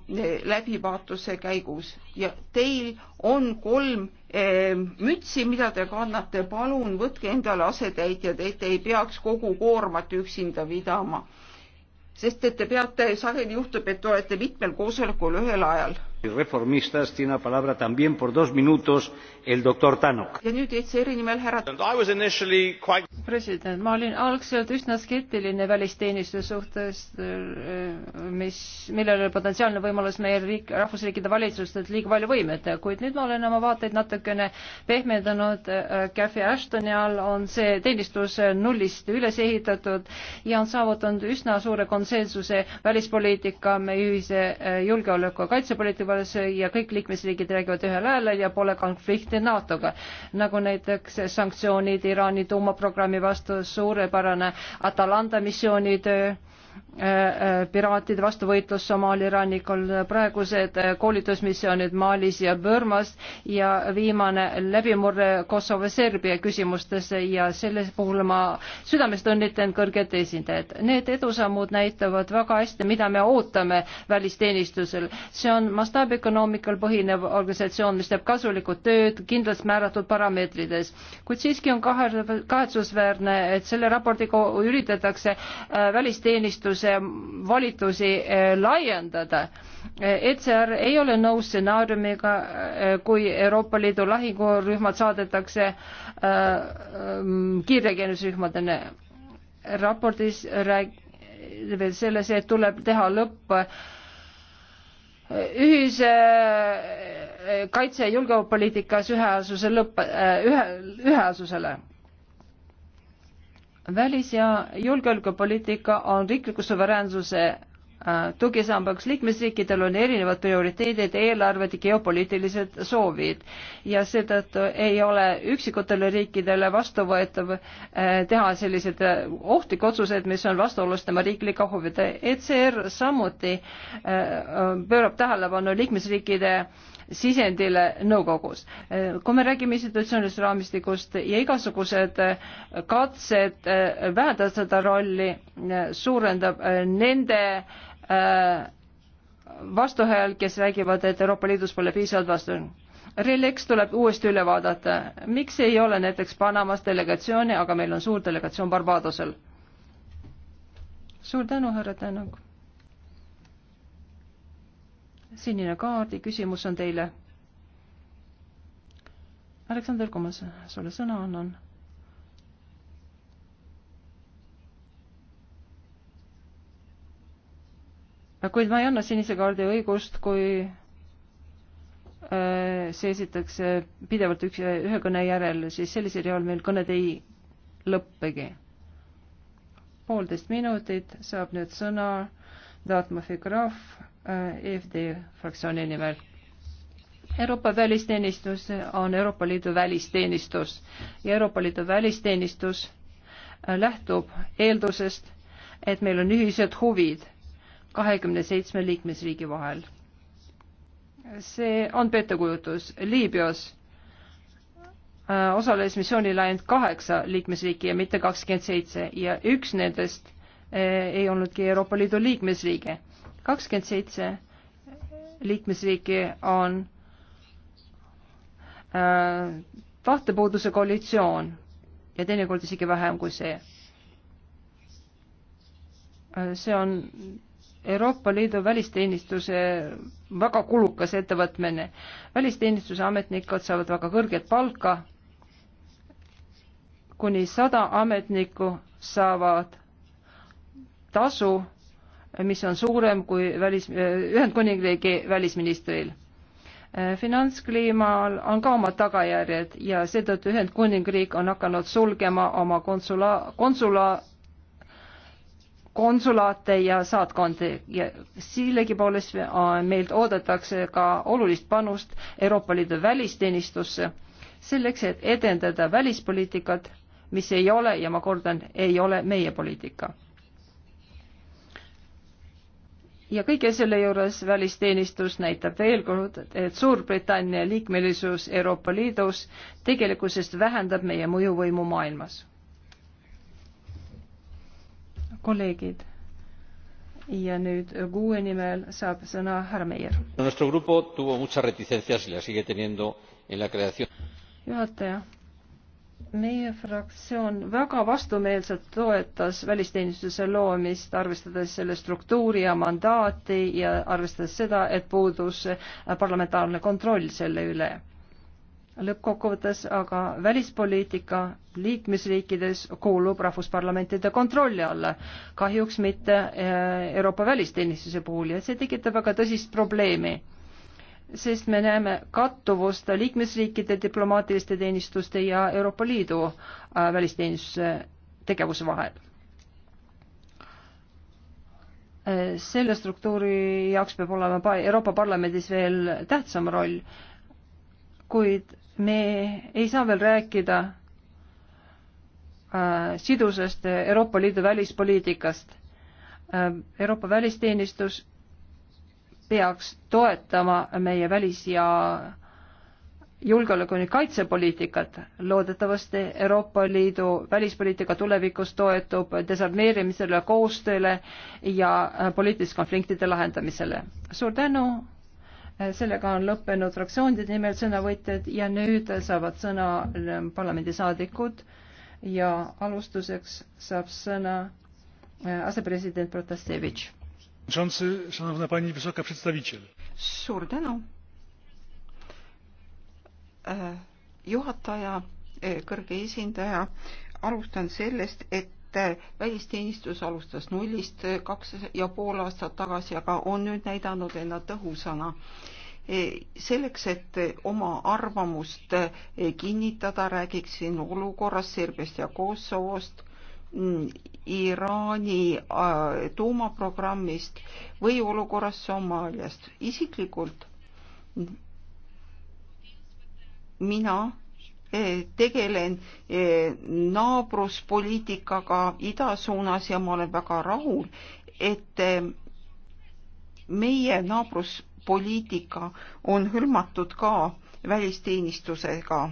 Speaker 2: läbivaatuse käigus ja teil on kolm Ehm, mütsi, mida te kannate, palun võtke endale asetäitjad, et ei peaks kogu koormat üksinda pidama. sest et te peate, sageli juhtub, et olete mitmel koosolekul ühel ajal reformistas tiene la palabra también por dos minutos el doctor Tanok. ja nüüd ECR-i nimel härra. Quite...
Speaker 1: president, ma olin algselt üsna skeptiline välisteenistuse suhtes, äh, mis, millel oli potentsiaalne võimalus meie riik, rahvusriikide valitsustelt liiga palju võimet, kuid nüüd ma olen oma vaateid natukene pehmendanud. Äh, Cathy Ashtoni all on see teenistus äh, nullist üles ehitatud ja on saavutanud üsna suure konsensuse välispoliitika, meie ühise julgeoleku ja kaitsepoliitika vägivallas ja kõik liikmesriigid räägivad ühel häälel ja pole konflikti NATO-ga. nagu näiteks sanktsioonid Iraani tuumaprogrammi vastu, suurepärane Atalanta missioonitöö piraatide vastu võitlus Somaali rannikul, praegused koolitusmissioonid Malis ja Burmas ja viimane läbimurre Kosovo-Serbia küsimustes ja selle puhul ma südamest õnnitlen kõrget esindajat. Need edusammud näitavad väga hästi, mida me ootame välisteenistusel. see on mastaabiökonoomikal põhinev organisatsioon, mis teeb kasulikku tööd kindlalt määratud parameetrites, kuid siiski on kahe, kahetsusväärne, et selle raportiga üritatakse äh, välisteenistuse Äh, volitusi äh, laiendada. Äh, ECR ei ole nõus stsenaariumiga, kui Euroopa Liidu lahingurühmad saadetakse ähm, kiirreageerimisrühmadena. raportis rääg-, veel selles, et tuleb teha lõpp ühise kaitse- ja julgeolekupoliitikas ühehäälsuse lõpp, ühe, ühehäälsusele välis- ja julgeolekupoliitika on riikliku suveräänsuse äh, tugisambaks liikmesriikidel on erinevad prioriteedid, eelarved ja geopoliitilised soovid ja seetõttu ei ole üksikutele riikidele vastuvõetav äh, teha sellised äh, ohtlikud otsused, mis on vastuolus tema riiklike huvide. ECR samuti pöörab tähelepanu liikmesriikide sisendile nõukogus. kui me räägime institutsioonilisest raamistikust ja igasugused katsed vähendada seda rolli suurendab nende äh, vastuhääl, kes räägivad, et Euroopa Liidus pole piisavalt vastu. Relex tuleb uuesti üle vaadata, miks ei ole näiteks Panamas delegatsiooni, aga meil on suur delegatsioon Barbadosel. suur tänu, härra Tänak sinine kaardi küsimus on teile. Aleksander, kui ma sulle sõna annan. kuid ma ei anna sinise kaardi õigust, kui äh, see esitakse pidevalt üks, ühe kõne järel, siis sellisel juhul meil kõned ei lõppegi. poolteist minutit saab nüüd sõna Datma Figraf Äh, EFD fraktsiooni nimel. Euroopa välisteenistus on Euroopa Liidu välisteenistus ja Euroopa Liidu välisteenistus äh, lähtub eeldusest, et meil on ühised huvid kahekümne seitsme liikmesriigi vahel. see on pettekujutus. Liibüas äh, osales missioonil ainult kaheksa liikmesriiki ja mitte kakskümmend seitse ja üks nendest ei olnudki Euroopa Liidu liikmesriige kakskümmend seitse liikmesriiki on äh, tahtepuuduse koalitsioon ja teinekord isegi vähem kui see. Äh, see on Euroopa Liidu välisteenistuse väga kulukas ettevõtmine. välisteenistuse ametnikud saavad väga kõrget palka, kuni sada ametnikku saavad tasu mis on suurem kui välis, Ühendkuningriigi välisministril. finantskliimal on ka omad tagajärjed ja seetõttu Ühendkuningriik on hakanud sulgema oma konsula, konsula konsulaate ja saatkondi ja sellegipoolest äh, meilt oodatakse ka olulist panust Euroopa Liidu välisteenistusse selleks, et edendada välispoliitikat, mis ei ole, ja ma kordan, ei ole meie poliitika ja kõige selle juures välisteenistus näitab veel kord, et Suurbritannia liikmelisus Euroopa Liidus tegelikkusest vähendab meie mõjuvõimu maailmas. kolleegid, ja nüüd GUE nimel saab sõna härra Meier. juhataja meie fraktsioon väga vastumeelselt toetas välisteenistuse loomist, arvestades selle struktuuri ja mandaati ja arvestades seda, et puudus äh, parlamentaarne kontroll selle üle. lõppkokkuvõttes aga välispoliitika liikmesriikides kuulub rahvusparlamentide kontrolli alla, kahjuks mitte äh, Euroopa välisteenistuse puhul ja see tekitab väga tõsist probleemi sest me näeme kattuvust liikmesriikide diplomaatiliste teenistuste ja Euroopa Liidu äh, välisteenistuse tegevuse vahel. Äh, selle struktuuri jaoks peab olema Euroopa Parlamendis veel tähtsam roll, kuid me ei saa veel rääkida äh, sidusest Euroopa Liidu välispoliitikast. Euroopa välisteenistus peaks toetama meie välis- ja julgeoleku- ja kaitsepoliitikat. loodetavasti Euroopa Liidu välispoliitika tulevikus toetub desarmeerimisele, koostööle ja poliitiliste konfliktide lahendamisele. suur tänu, sellega on lõppenud fraktsioonide nimel sõnavõtjad ja nüüd saavad sõna ähm, parlamendisaadikud ja alustuseks saab sõna äh,
Speaker 2: asepresident Protasevitš suur tänu. E, juhataja, e, kõrge esindaja, alustan sellest, et e, välisteenistus alustas nullist kaks ja pool aastat tagasi, aga on nüüd näidanud ennast tõhusana selleks, et oma arvamust kinnitada, räägiksin olukorrast Serbiast ja Kosovost. Mm, Iraani äh, tuumaprogrammist või olukorrast Somaaliast. isiklikult mina eh, tegelen eh, naabruspoliitikaga ida suunas ja ma olen väga rahul, et eh, meie naabruspoliitika on hõlmatud ka välisteenistusega.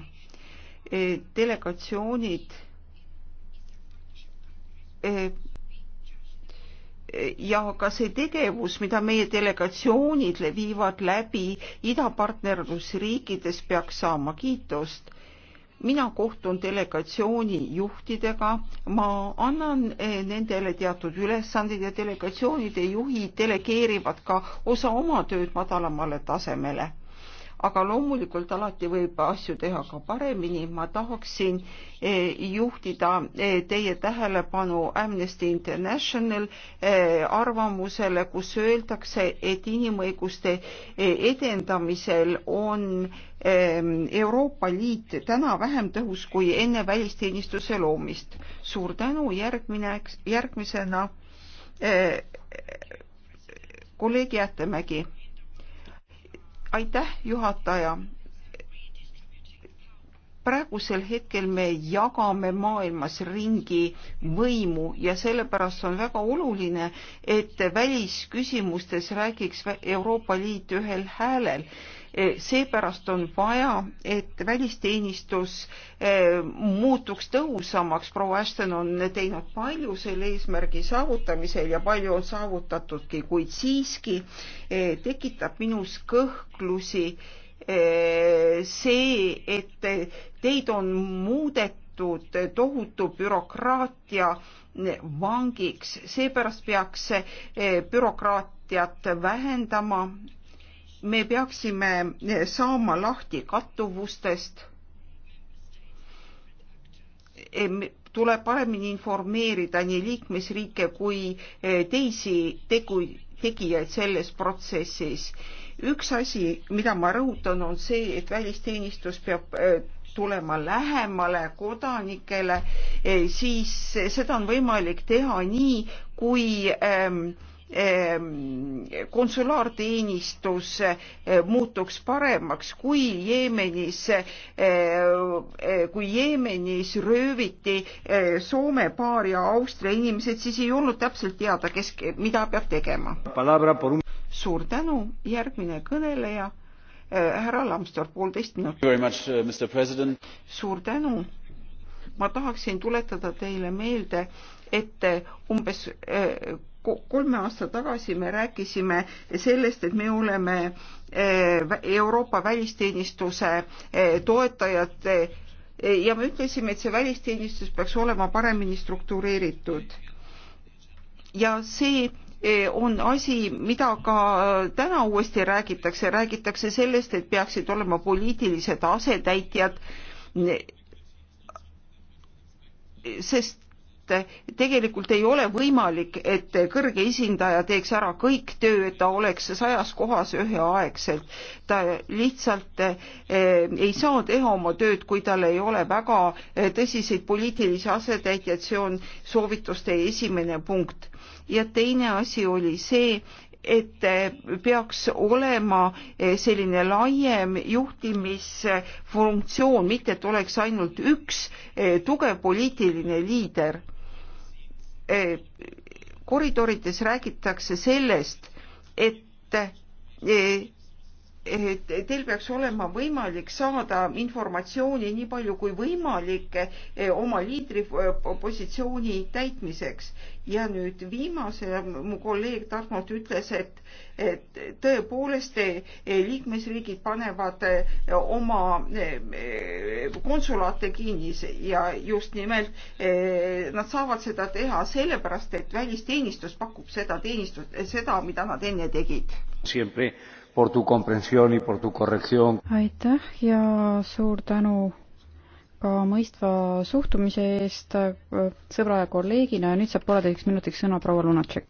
Speaker 2: delegatsioonid Eh, ja ka see tegevus, mida meie delegatsioonid viivad läbi idapartnerlusriikides, peaks saama kiitust. mina kohtun delegatsiooni juhtidega, ma annan eh, nendele teatud ülesanded ja delegatsioonide juhid delegeerivad ka osa oma tööd madalamale tasemele aga loomulikult alati võib asju teha ka paremini. ma tahaksin eh, juhtida eh, teie tähelepanu Amnesty International eh, arvamusele, kus öeldakse, et inimõiguste edendamisel on ehm, Euroopa Liit täna vähem tõhus kui enne välisteenistuse loomist. suur tänu, järgmine, järgmisena kolleeg Jäätemägi aitäh, juhataja. praegusel hetkel me jagame maailmas ringi võimu ja sellepärast on väga oluline, et välisküsimustes räägiks Euroopa Liit ühel häälel E, seepärast on vaja, et välisteenistus e, muutuks tõhusamaks, proua Ashton on teinud palju selle eesmärgi saavutamisel ja palju on saavutatudki, kuid siiski e, tekitab minus kõhklusi see, et teid on muudetud muudetud tohutu bürokraatia vangiks, seepärast peaks bürokraatiat vähendama me peaksime saama lahti kattuvustest, tuleb paremini informeerida nii liikmesriike kui eh, teisi tegu, tegijaid selles protsessis. üks asi, mida ma rõhutan, on see, et välisteenistus peab eh, tulema lähemale kodanikele, eh, siis seda on võimalik teha nii, kui ähm, Ehm, konsulaarteenistus eh, muutuks paremaks, kui Jeemenis, eh, eh, kui Jeemenis rööviti Soome paar ja Austria inimesed, siis ei olnud täpselt teada, kes, mida peab tegema. suur tänu, järgmine kõneleja, härra Lamstor, poolteist minutit.
Speaker 3: suur tänu
Speaker 2: ma tahaksin tuletada teile meelde, et umbes kolme aasta tagasi me rääkisime sellest, et me oleme eh, Euroopa välisteenistuse eh, toetajad eh, ja me ütlesime, et see välisteenistus peaks olema paremini struktureeritud. ja see on asi, mida ka täna uuesti räägitakse, räägitakse sellest, et peaksid olema poliitilised asetäitjad, sest et tegelikult ei ole võimalik, et kõrge esindaja teeks ära kõik töö, et ta oleks sajas kohas üheaegselt. ta lihtsalt eh, ei saa teha oma tööd, kui tal ei ole väga eh, tõsiseid poliitilisi asetäitjaid, see on soovituste esimene punkt. ja teine asi oli see, et eh, peaks olema selline laiem juhtimisfunktsioon, mitte et oleks ainult üks tugev poliitiline liider Eh, koridorides räägitakse sellest, et eh, teil peaks olema võimalik saada informatsiooni nii palju kui võimalik eh, oma liidripositsiooni eh, täitmiseks. ja nüüd viimasena mu kolleeg Tarmot ütles, et, et tõepoolest eh, liikmesriigid panevad oma konsulaate kinni ja just nimelt nad saavad seda teha sellepärast, et välisteenistus pakub seda teenistust, seda, mida nad enne tegid
Speaker 3: aitäh ja suur tänu ka mõistva suhtumise eest äh, sõbra ja kolleegina ja nüüd saab pooleteiseks minutiks sõna proua Lunatšek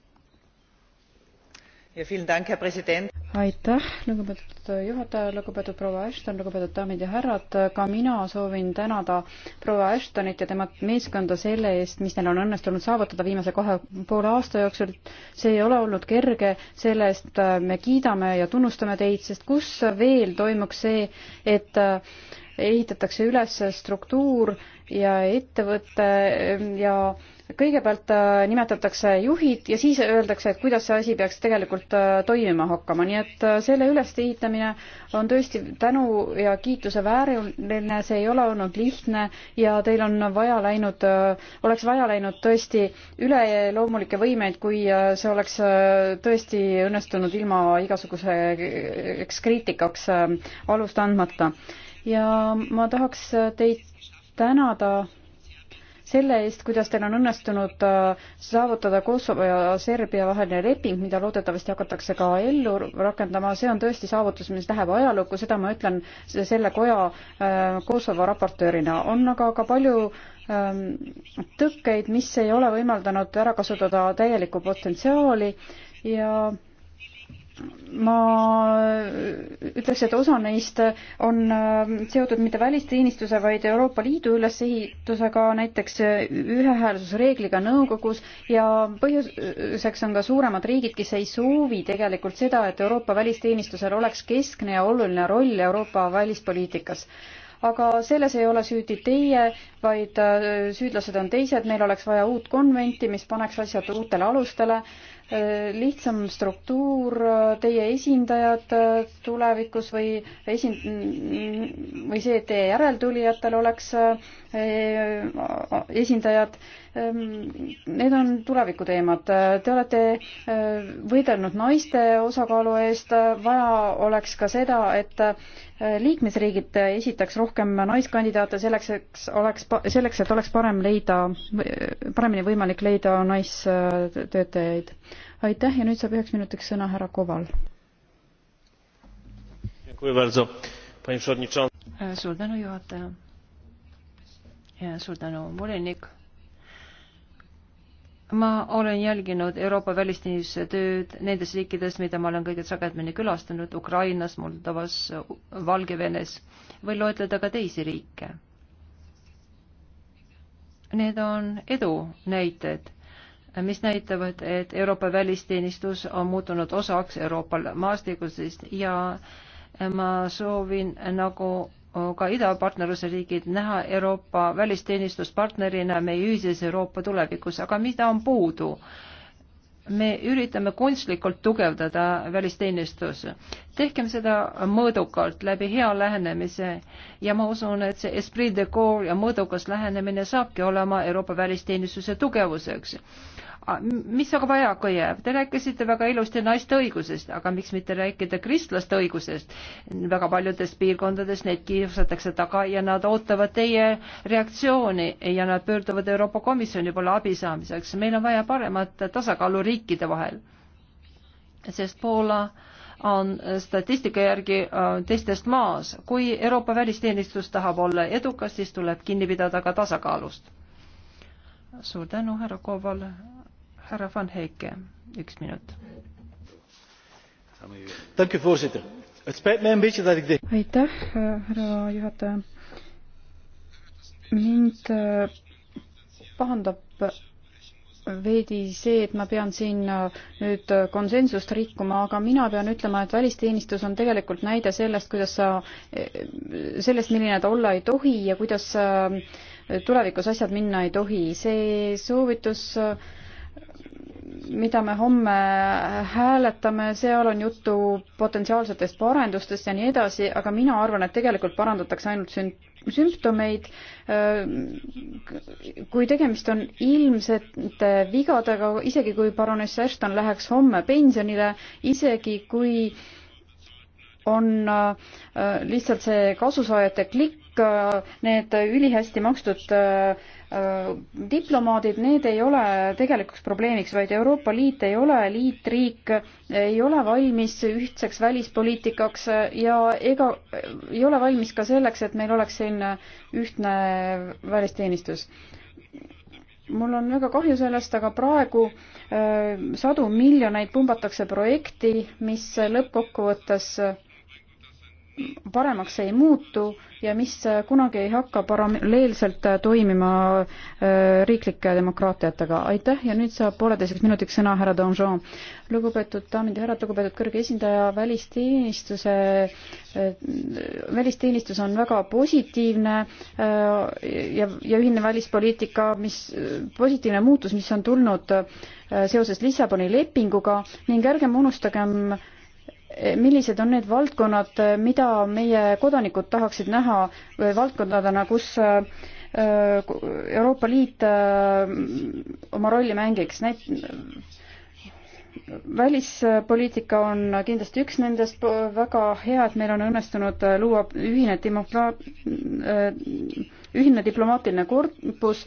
Speaker 3: aitäh, lugupeetud juhataja, lugupeetud proua Ashton, lugupeetud daamid ja härrad, ka mina soovin tänada proua Ashtonit ja tema meeskonda selle eest, mis neil on õnnestunud saavutada viimase kahe poole aasta jooksul. see ei ole olnud kerge, selle eest me kiidame ja tunnustame teid, sest kus veel toimuks see, et äh, ehitatakse üles struktuur ja ettevõte ehm, ja kõigepealt äh, nimetatakse juhid ja siis öeldakse, et kuidas see asi peaks tegelikult äh, toimima hakkama, nii et äh, selle ülesehitamine on tõesti tänu ja kiituse vääriline, see ei ole olnud lihtne ja teil on vaja läinud, oleks vaja läinud tõesti üleloomulikke võimeid, kui see oleks tõesti õnnestunud ilma igasuguseks kriitikaks alust andmata ja ma tahaks teid tänada selle eest, kuidas teil on õnnestunud äh, saavutada Kosovo ja Serbia vaheline leping, mida loodetavasti hakatakse ka ellu rakendama, see on tõesti saavutus, mis läheb ajalukku, seda ma ütlen selle koja äh, Kosovo raportöörina. on aga ka palju ähm, tõkkeid, mis ei ole võimaldanud ära kasutada täielikku potentsiaali ja ma ütleks, et osa neist on äh, seotud mitte välisteenistuse, vaid Euroopa Liidu ülesehitusega, näiteks ühehäälsusreegliga nõukogus ja põhjuseks on ka suuremad riigid, kes ei soovi tegelikult seda, et Euroopa välisteenistusel oleks keskne ja oluline roll Euroopa välispoliitikas aga selles ei ole süüdi teie, vaid äh, süüdlased on teised, meil oleks vaja uut konventi, mis paneks asjad uutele alustele lihtsam struktuur, teie esindajad tulevikus või esin-, või see, et teie järeltulijatel oleks eh, esindajad Ehm, need on tuleviku teemad. Te olete eh, võidelnud naiste osakaalu eest, vaja oleks ka seda, et eh, liikmesriigid esitaks rohkem naiskandidaate selleks, et oleks, selleks, et oleks parem leida, eh, paremini võimalik leida naistöötajaid. aitäh ja nüüd saab üheks minutiks sõna härra Koval. suur tänu, juhataja.
Speaker 1: ja suur tänu, volinik ma olen jälginud Euroopa välisteenistuse tööd nendes riikides, mida ma olen kõige sagedamini külastanud, Ukrainas, Moldovas, Valgevenes, võin loetleda ka teisi riike. Need on edu näited, mis näitavad, et Euroopa välisteenistus on muutunud osaks Euroopa maastikust ja ma soovin, nagu ka idapartnerluse riigid näha Euroopa välisteenistuspartnerina meie ühises Euroopa tulevikus, aga mida on puudu? me üritame kunstlikult tugevdada välisteenistus. tehkem seda mõõdukalt läbi hea lähenemise ja ma usun, et see esprit de corps ja mõõdukas lähenemine saabki olema Euroopa välisteenistuse tugevuseks mis aga vajaka jääb? Te rääkisite väga ilusti naiste õigusest, aga miks mitte rääkida kristlaste õigusest? väga paljudes piirkondades neid kiusatakse taga ja nad ootavad teie reaktsiooni ja nad pöörduvad Euroopa Komisjoni poole abi saamiseks. meil on vaja paremat tasakaalu riikide vahel, sest Poola on statistika järgi äh, teistest maas. kui Euroopa välisteenistus tahab olla edukas, siis tuleb kinni pidada ka tasakaalust. suur tänu, härra Koval härra Van Heike,
Speaker 3: üks minut. aitäh, härra juhataja. mind äh, pahandab veidi see, et ma pean siin äh, nüüd konsensust rikkuma, aga mina pean ütlema, et välisteenistus on tegelikult näide sellest, kuidas sa, äh, sellest, milline ta olla ei tohi ja kuidas tulevikus asjad minna ei tohi. see soovitus äh, mida me homme hääletame, seal on juttu potentsiaalsetest parendustest ja nii edasi, aga mina arvan, et tegelikult parandatakse ainult sünd-, sümptomeid. kui tegemist on ilmsete vigadega, isegi kui baroness Ashton läheks homme pensionile, isegi kui on äh, lihtsalt see kasusaajate klikk, äh, need ülihästi makstud äh, Äh, diplomaadid, need ei ole tegelikuks probleemiks, vaid Euroopa Liit ei ole liitriik, ei ole valmis ühtseks välispoliitikaks ja ega ei ole valmis ka selleks, et meil oleks selline ühtne välisteenistus. mul on väga kahju sellest, aga praegu äh, sadu miljoneid pumbatakse projekti, mis lõppkokkuvõttes paremaks ei muutu ja mis kunagi ei hakka paralleelselt toimima äh, riiklike demokraatiatega. aitäh ja nüüd saab pooleteiseks minutiks sõna härra Donjon. lugupeetud daamid ja härrad, lugupeetud kõrge esindaja, välisteenistuse, äh, välisteenistus on väga positiivne äh, ja, ja ühine välispoliitika, mis, positiivne muutus, mis on tulnud seoses Lissaboni lepinguga ning ärgem unustagem Eh, millised on need valdkonnad, eh, mida meie kodanikud tahaksid näha eh, valdkondadena, kus Euroopa Liit oma rolli mängiks, näit-, välispoliitika on kindlasti üks nendest, väga hea, et meil on õnnestunud luua ühine demokra-, ühine diplomaatiline korpus,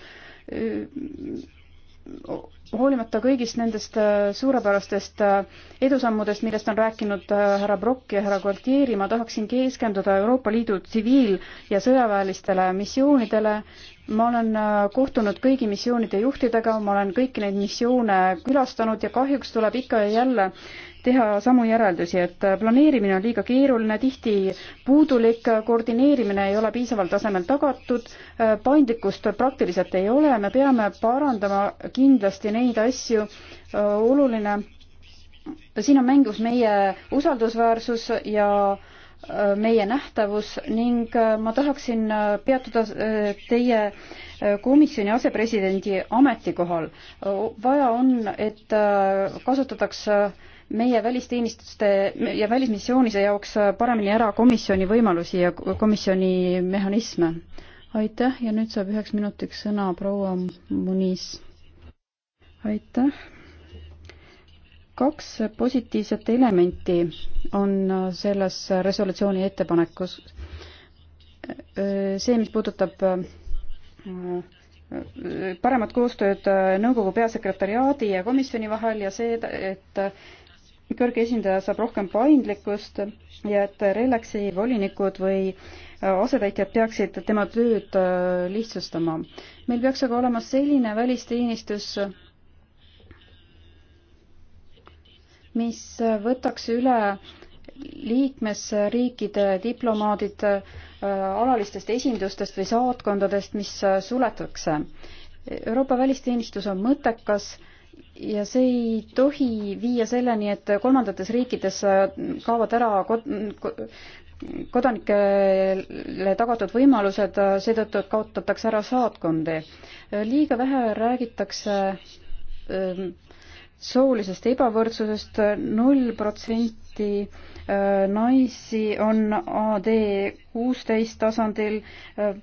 Speaker 3: hoolimata kõigist nendest äh, suurepärastest äh, edusammudest, millest on rääkinud äh, härra Brock ja härra Gualtieri, ma tahaksin keskenduda Euroopa Liidu tsiviil- ja sõjaväelistele missioonidele, ma olen äh, kohtunud kõigi missioonide juhtidega, ma olen kõiki neid missioone külastanud ja kahjuks tuleb ikka ja jälle teha samu järeldusi, et äh, planeerimine on liiga keeruline, tihti puudulik, äh, koordineerimine ei ole piisaval tasemel tagatud, paindlikkust praktiliselt ei ole, me peame parandama kindlasti neid asju, oluline, siin on mängus meie usaldusväärsus ja äh, meie nähtavus ning äh, ma tahaksin äh, peatuda äh, teie komisjoni asepresidendi ametikohal. vaja on, et kasutataks meie välisteenistuste ja välismissioonide jaoks paremini ära komisjoni võimalusi ja komisjoni mehhanisme. aitäh ja nüüd saab üheks minutiks sõna proua Muniz. aitäh kaks positiivset elementi on selles resolutsiooni ettepanekus. see, mis puudutab äh, paremat koostööd nõukogu peasekretäriaadi ja komisjoni vahel ja see, et kõrge esindaja saab rohkem paindlikkust ja et Relaxi volinikud või asetäitjad peaksid tema tööd äh, lihtsustama. meil peaks aga olema selline välisteenistus, mis võtaks üle liikmesriikide diplomaadid äh, alalistest esindustest või saatkondadest, mis äh, suletakse. Euroopa välisteenistus on mõttekas ja see ei tohi viia selleni, et kolmandates riikides äh, kaovad ära kod kodanikele tagatud võimalused, seetõttu kaotatakse ära saatkondi. liiga vähe räägitakse ähm, soolisest ebavõrdsusest null protsenti äh, naisi on AD kuusteist tasandil, äh,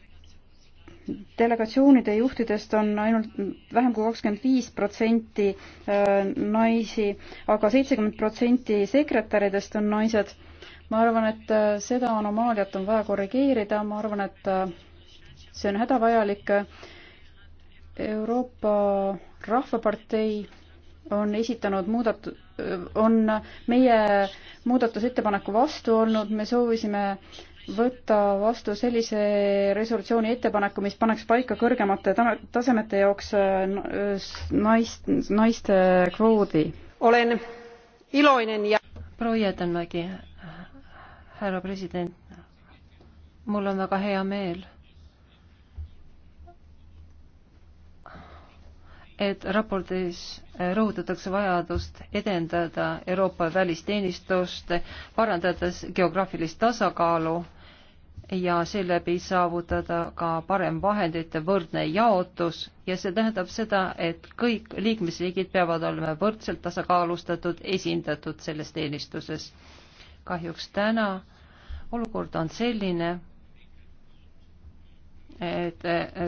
Speaker 3: delegatsioonide juhtidest on ainult vähem kui kakskümmend viis protsenti äh, naisi aga, aga seitsekümmend protsenti sekretäridest on naised. ma arvan, et seda anomaaliat on vaja korrigeerida, ma arvan, et see on hädavajalik. Euroopa Rahvapartei on esitanud muudat-, on meie muudatusettepaneku vastu olnud, me soovisime võtta vastu sellise resolutsiooni ettepaneku, mis paneks paika kõrgemate tasemete jaoks äh, naist, naiste kvoodi. olen iloinen ja proua Jäätanmägi, härra
Speaker 1: president, mul on väga hea meel et raportis äh, rõhutatakse vajadust edendada Euroopa välisteenistust, parandades geograafilist tasakaalu ja seeläbi saavutada ka parem vahendite võrdne jaotus ja see tähendab seda, et kõik liikmesriigid peavad olema võrdselt tasakaalustatud, esindatud selles teenistuses. kahjuks täna olukord on selline et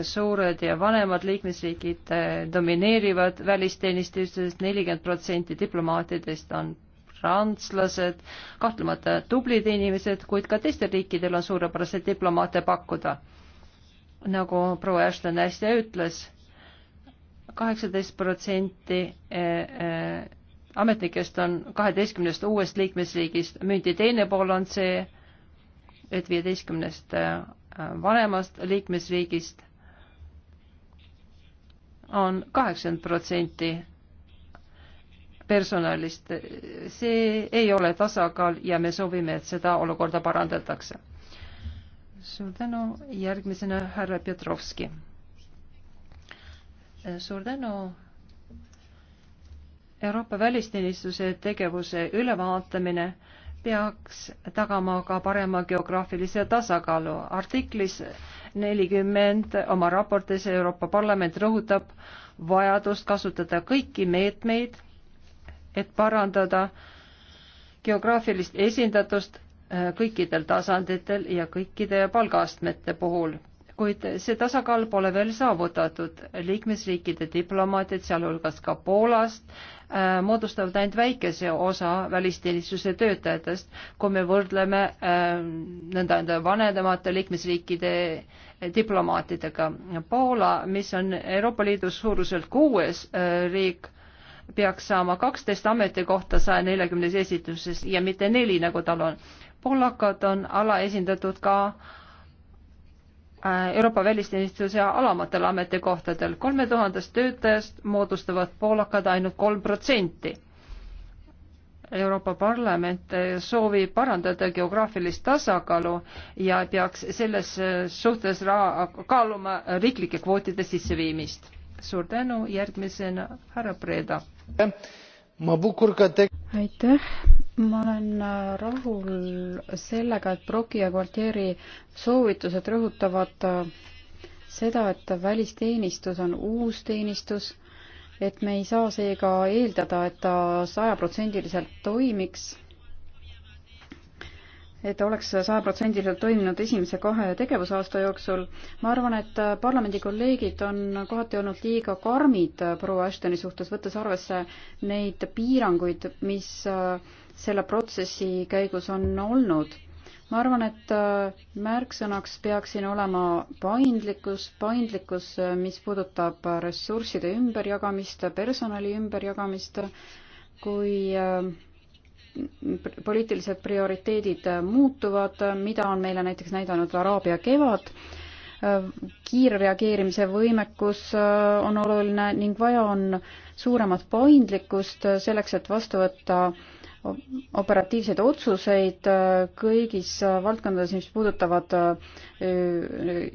Speaker 1: suured ja vanemad liikmesriigid eh, domineerivad välisteenistuses, nelikümmend protsenti diplomaatidest on prantslased, kahtlemata tublid inimesed, kuid ka teistel riikidel on suurepäraseid diplomaate pakkuda. nagu proua Ashton äsja ütles, kaheksateist protsenti eh, eh, ametnikest on kaheteistkümnest uuest liikmesriigist, mündi teine pool on see, et viieteistkümnest vanemast liikmesriigist on kaheksakümmend protsenti personalist. see ei ole tasakaal ja me soovime, et seda olukorda parandatakse. suur tänu, järgmisena härra Petrovski. suur tänu. Euroopa välisteenistuse tegevuse ülevaatamine äh, peaks tagama ka parema geograafilise tasakaalu. artiklis nelikümmend oma raportis Euroopa Parlament rõhutab vajadust kasutada kõiki meetmeid, et parandada geograafilist esindatust äh, kõikidel tasanditel ja kõikide palgaastmete puhul kuid see tasakaal pole veel saavutatud. liikmesriikide diplomaatid, sealhulgas ka Poolast, äh, moodustavad ainult väikese osa välisteenistuse töötajatest, kui me võrdleme äh, nõnda-öelda vanemate liikmesriikide diplomaatidega. Poola, mis on Euroopa Liidus suuruselt kuues äh, riik, peaks saama kaksteist ametikohta saja neljakümnes esituses ja mitte neli, nagu tal on. poolakad on alaesindatud ka äh, Äh, Euroopa välisteenistuse alamatel ametikohtadel. kolme tuhandest töötajast moodustavad poolakad ainult kolm protsenti. Euroopa Parlament soovib parandada geograafilist tasakaalu ja peaks selles suhtes kaaluma riiklike kvootide sisseviimist. suur tänu, järgmisena härra Preda.
Speaker 3: aitäh, ma olen äh, rahul sellega, et Broki ja Gualtieri soovitused rõhutavad äh, seda, et välisteenistus on uus teenistus, et me ei saa seega eeldada, et ta sajaprotsendiliselt toimiks, et oleks sajaprotsendiliselt toiminud esimese kahe tegevusaasta jooksul. ma arvan, et äh, parlamendi kolleegid on kohati olnud liiga karmid proua Ashtoni suhtes, võttes arvesse neid piiranguid, mis selle protsessi käigus on olnud. ma arvan, et äh, märksõnaks peaks siin olema paindlikkus, paindlikkus, äh, mis puudutab ressursside ümberjagamist, personali ümberjagamist, kui äh, poliitilised prioriteedid muutuvad, mida on meile näiteks näidanud Araabia kevad, kiirreageerimise võimekus on oluline ning vaja on suuremat paindlikkust selleks, et vastu võtta operatiivseid otsuseid äh, kõigis äh, valdkondades, mis puudutavad äh,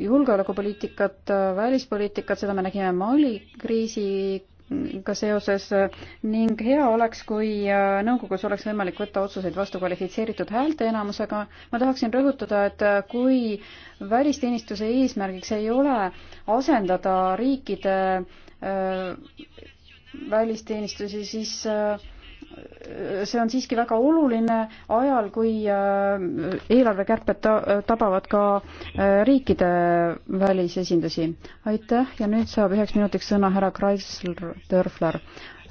Speaker 3: julgeolekupoliitikat, välispoliitikat, seda me nägime Mali kriisiga seoses ning hea oleks, kui nõukogus oleks võimalik võtta otsuseid vastu kvalifitseeritud häälteenamusega. ma tahaksin rõhutada, et kui välisteenistuse eesmärgiks ei ole asendada riikide välisteenistusi, siis äh, see on siiski väga oluline ajal, kui äh, eelarvekärped tabavad ka äh, riikide välisesindusi. aitäh ja nüüd saab üheks minutiks sõna härra Kreisler-Dörfler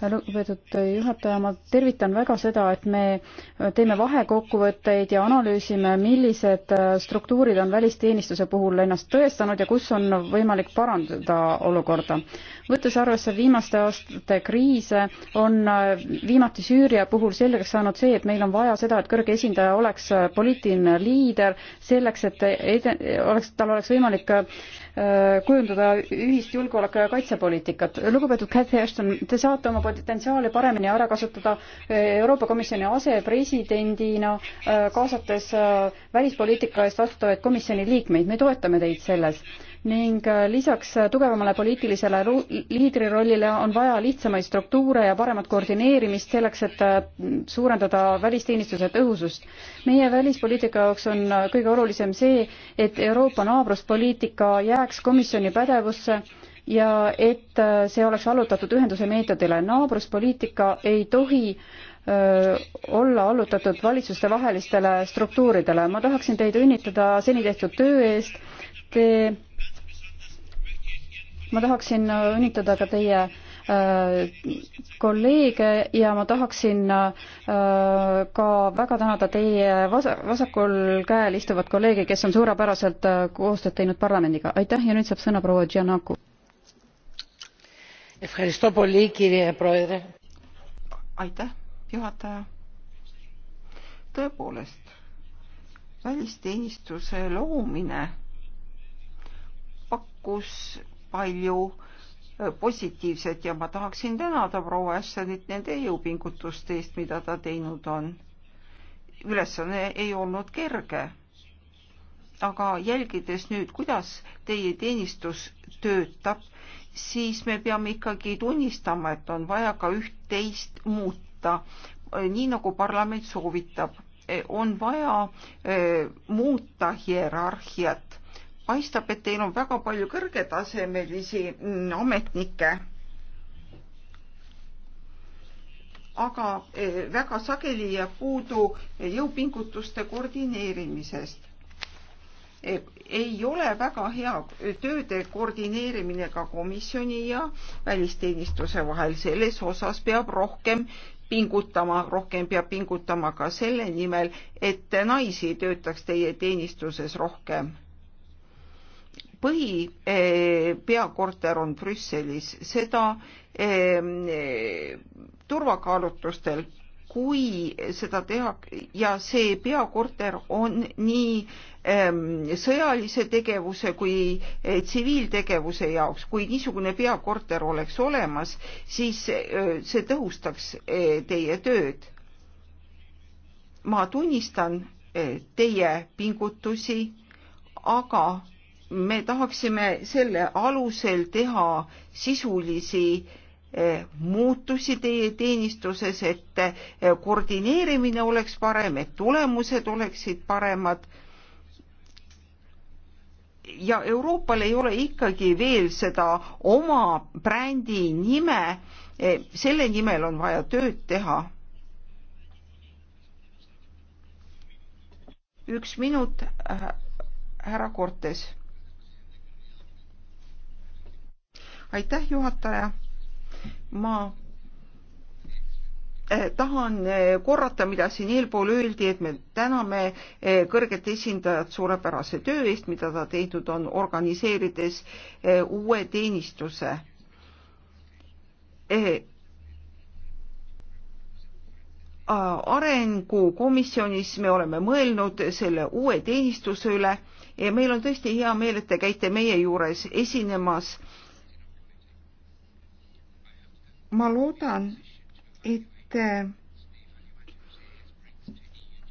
Speaker 3: lugupeetud juhataja, ma tervitan väga seda, et me teeme vahekokkuvõtteid ja analüüsime, millised struktuurid on välisteenistuse puhul ennast tõestanud ja kus on võimalik parandada olukorda. võttes arvesse viimaste aastate kriise, on viimati Süüria puhul selgeks saanud see, et meil on vaja seda, et kõrge esindaja oleks poliitiline liider selleks, et eden-, oleks, tal oleks võimalik äh, kujundada ühist julgeoleku- ja kaitsepoliitikat. lugupeetud Cathy Ashton, te saate oma potentsiaali paremini ära kasutada eh, Euroopa Komisjoni asepresidendina, eh, kaasates eh, välispoliitika eest vastutavaid komisjoni liikmeid. me toetame teid selles ning lisaks tugevamale poliitilisele liidri rollile on vaja lihtsamaid struktuure ja paremat koordineerimist selleks, et suurendada välisteenistuse tõhusust. meie välispoliitika jaoks on kõige olulisem see, et Euroopa naabruspoliitika jääks komisjoni pädevusse ja et äh, see oleks allutatud ühenduse meetodile. naabruspoliitika ei tohi öö, äh, olla allutatud valitsustevahelistele struktuuridele. ma tahaksin teid õnnitleda seni tehtud töö eest. Te, ma tahaksin äh, õnnitleda ka teie kolleege ja ma tahaksin ka väga tänada teie vasa-, vasakul käel istuvat kolleegi, kes on suurepäraselt koostööd teinud parlamendiga. aitäh ja nüüd saab sõna proua Giannaku
Speaker 2: aitäh, juhataja. tõepoolest, välisteenistuse loomine pakkus palju äh, positiivset ja ma tahaksin tänada proua Ashtonit nende jõupingutuste eest, mida ta teinud on. ülesanne ei olnud kerge. aga jälgides nüüd, kuidas teie teenistus töötab siis me peame ikkagi tunnistama, et on vaja ka üht-teist muuta, nii nagu parlament soovitab. E, on vaja e, muuta hierarhiat. paistab, et teil on väga palju kõrgetasemelisi mm, ametnikke aga e, väga sageli jääb puudu jõupingutuste koordineerimisest ei ole väga hea tööde koordineerimine ka komisjoni ja välisteenistuse vahel, selles osas peab rohkem pingutama, rohkem peab pingutama ka selle nimel, et naisi töötaks teie teenistuses rohkem põhipeakorter eh, on Brüsselis, seda eh, turvakaalutlustel kui seda teha ja see peakorter on nii ähm, sõjalise tegevuse kui äh, tsiviiltegevuse jaoks, kui niisugune peakorter oleks olemas, siis äh, see tõhustaks äh, teie tööd. ma tunnistan teie pingutusi, aga me tahaksime selle alusel teha sisulisi Eh, muutusi teie teenistuses, et eh, koordineerimine oleks parem, et tulemused oleksid paremad. ja Euroopal ei ole ikkagi veel seda oma brändi nime, eh, selle nimel on vaja tööd teha. üks minut, äh, härra Cortes. aitäh, juhataja ma eh, tahan eh, korrata, mida siin eelpool öeldi, et me täname eh, kõrget esindajat suurepärase töö eest, mida ta teinud on, organiseerides uue teenistuse. arengukomisjonis me oleme mõelnud selle uue teenistuse üle ja meil on tõesti hea meel, et te käite meie juures esinemas ma loodan, et eh,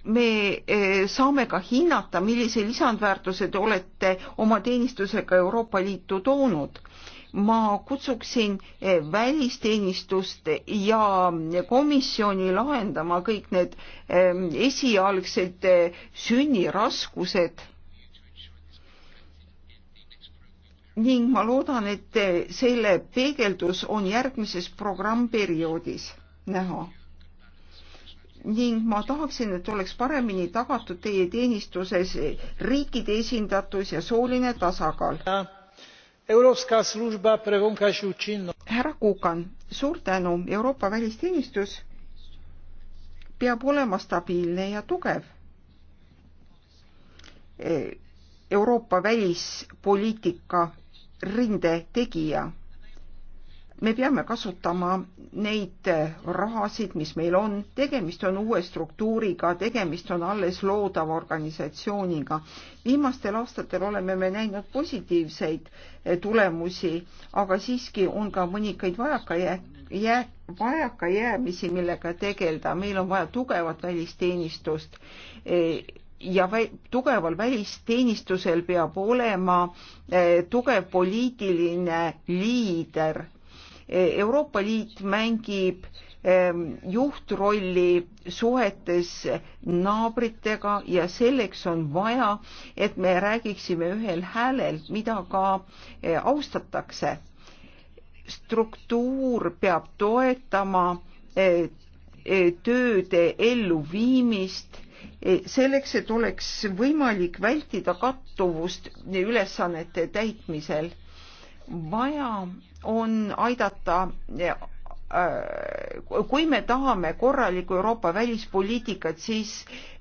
Speaker 2: me eh, saame ka hinnata, millise lisandväärtuse te olete oma teenistusega Euroopa Liitu toonud ma kutsuksin eh, välisteenistust ja komisjoni lahendama kõik need esialgsed sünniraskused ning ma loodan, et selle peegeldus on järgmises programmperioodis näha. ning ma tahaksin, et oleks paremini tagatud teie teenistuses riikide esindatus ja sooline tasakaal. härra Kukan, suur tänu, Euroopa välisteenistus peab olema stabiilne ja tugev Euroopa välispoliitika rinde tegija. me peame kasutama neid rahasid, mis meil on, tegemist on uue struktuuriga, tegemist on alles loodava organisatsiooniga. viimastel aastatel oleme me näinud positiivseid tulemusi, aga siiski on ka mõningaid vajakajääke vajakajäämisi, millega tegeleda, meil on vaja tugevat välisteenistust ja vä tugeval välisteenistusel peab olema eh, tugev poliitiline liider. Eh, Euroopa Liit mängib ehm, juhtrolli suhetes naabritega ja selleks on vaja, et me räägiksime ühel häälel, mida ka eh, austatakse. struktuur peab toetama tööde elluviimist selleks, et oleks võimalik vältida kattuvust ülesannete täitmisel, vaja on aidata äh, kui me tahame korralikku Euroopa välispoliitikat, siis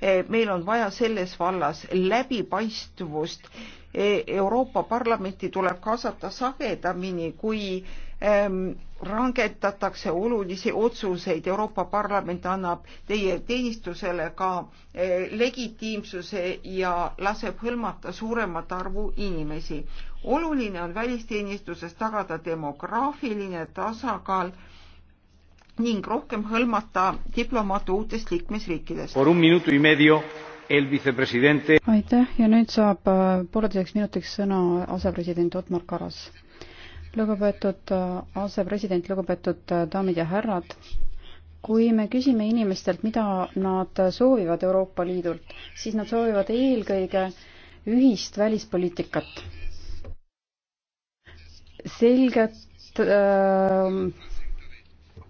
Speaker 2: äh, meil on vaja selles vallas läbipaistvust. Äh, Euroopa Parlamenti tuleb kaasata sagedamini, kui ähm, rangetatakse olulisi otsuseid. Euroopa Parlament annab teie teenistusele ka äh, legitiimsuse ja laseb hõlmata suuremat arvu inimesi. oluline on välisteenistuses tagada demograafiline tasakaal ning rohkem hõlmata diplomaate uutest liikmesriikidest.
Speaker 3: aitäh ja nüüd saab eh, pooleteiseks minutiks sõna asepresident Otmar Karas lugupeetud äh, asepresident, lugupeetud äh, daamid ja härrad. kui me küsime inimestelt, mida nad soovivad Euroopa Liidult, siis nad soovivad eelkõige ühist välispoliitikat. selget ähm,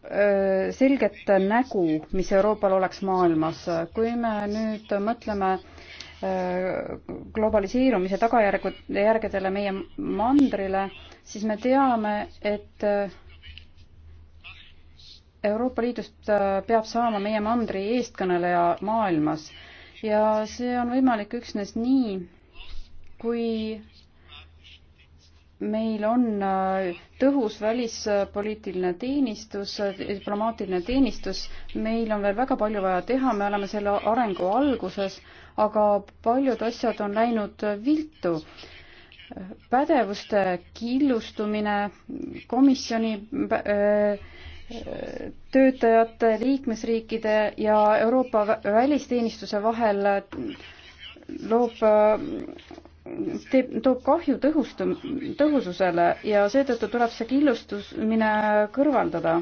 Speaker 3: äh, selget nägu, mis Euroopal oleks maailmas. kui me nüüd mõtleme äh, Äh, globaliseerumise tagajärgedele meie mandrile, siis me teame, et äh, Euroopa Liidust äh, peab saama meie mandri eestkõneleja maailmas ja see on võimalik üksnes nii, kui meil on tõhus välispoliitiline teenistus, diplomaatiline teenistus, meil on veel väga palju vaja teha, me oleme selle arengu alguses aga paljud asjad on läinud viltu. pädevuste killustumine, komisjoni äh, töötajate, liikmesriikide ja Euroopa välisteenistuse vahel loob teeb, toob kahju tõhustum-, tõhususele ja seetõttu tuleb see killustumine kõrvaldada.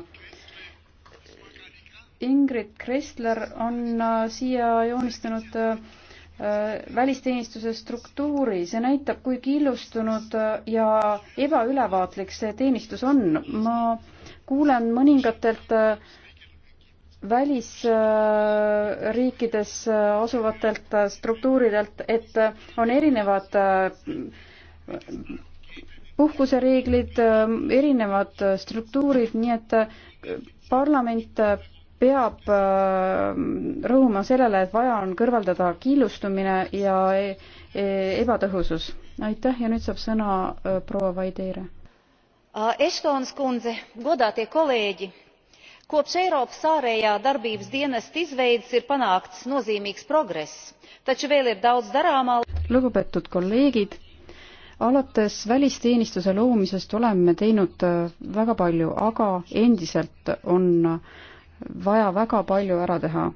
Speaker 3: Ingrid Kressler on äh, siia joonistanud äh, Äh, välisteenistuse struktuuri, see näitab, kui killustunud äh, ja ebaülevaatlik see teenistus on. ma kuulen mõningatelt äh, välisriikides asuvatelt struktuuridelt, et on erinevad puhkusereeglid, erinevad struktuurid, nii et parlament peab äh, rõhuma sellele, et vaja on kõrvaldada killustumine ja e, e, ebatõhusus. aitäh ja nüüd saab sõna äh, proua Vaideire. Eštons kundze, godātie kolēģi, kopš Eiropas ārējā darbības dienesta izveides ir panākts nozīmīgs progress, taču vēl ir daudz darāmā. lugupeetud kolleegid, alates välisteenistuse loomisest oleme teinud äh, väga palju, aga endiselt on äh, vaja väga palju ära teha.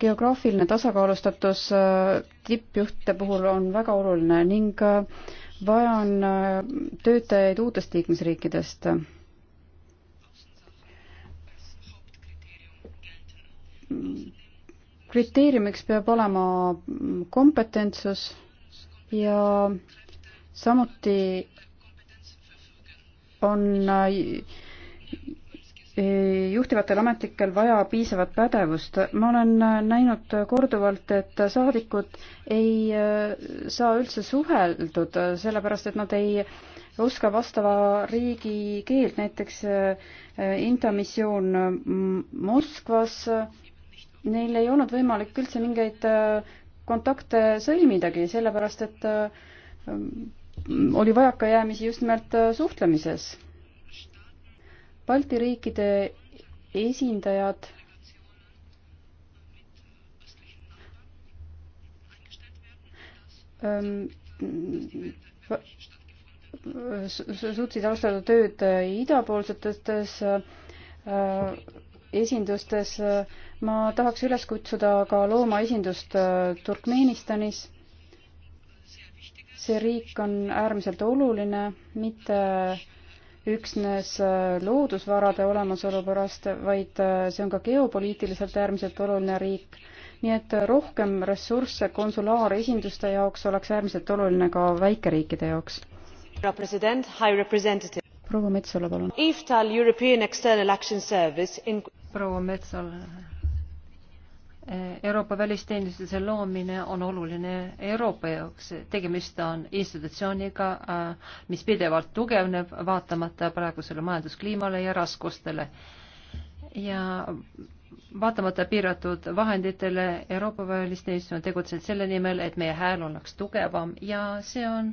Speaker 3: geograafiline tasakaalustatus äh, tippjuhtide puhul on väga oluline ning äh, vaja on äh, töötajaid uutest liikmesriikidest. kriteeriumiks peab olema kompetentsus ja samuti on äh, juhtivatel ametlikel vaja piisavat pädevust. ma olen näinud korduvalt, et saadikud ei äh, saa üldse suheldud, äh, sellepärast et nad ei oska vastava riigi keelt, näiteks äh, Inta missioon Moskvas, neil ei olnud võimalik üldse mingeid kontakte sõlmidagi, sellepärast et oli vajakajäämisi just nimelt suhtlemises Balti riikide esindajad ähm, suutsid alustada tööd idapoolsetes äh, esindustes. ma tahaks üles kutsuda ka loomaesindust äh, Turkmenistanis. see riik on äärmiselt oluline, mitte üksnes äh, loodusvarade olemasolu pärast, vaid äh, see on ka geopoliitiliselt äärmiselt oluline riik. nii et äh, rohkem ressursse konsulaaresinduste jaoks oleks äärmiselt oluline ka väikeriikide jaoks. proua Metsola, palun.
Speaker 1: proua Metsola Euroopa välisteenistuse loomine on oluline Euroopa jaoks. tegemist on institutsiooniga, äh, mis pidevalt tugevneb, vaatamata praegusele majanduskliimale ja raskustele. ja vaatamata piiratud vahenditele Euroopa välisteenistus on tegutsenud selle nimel, et meie hääl oleks tugevam ja see on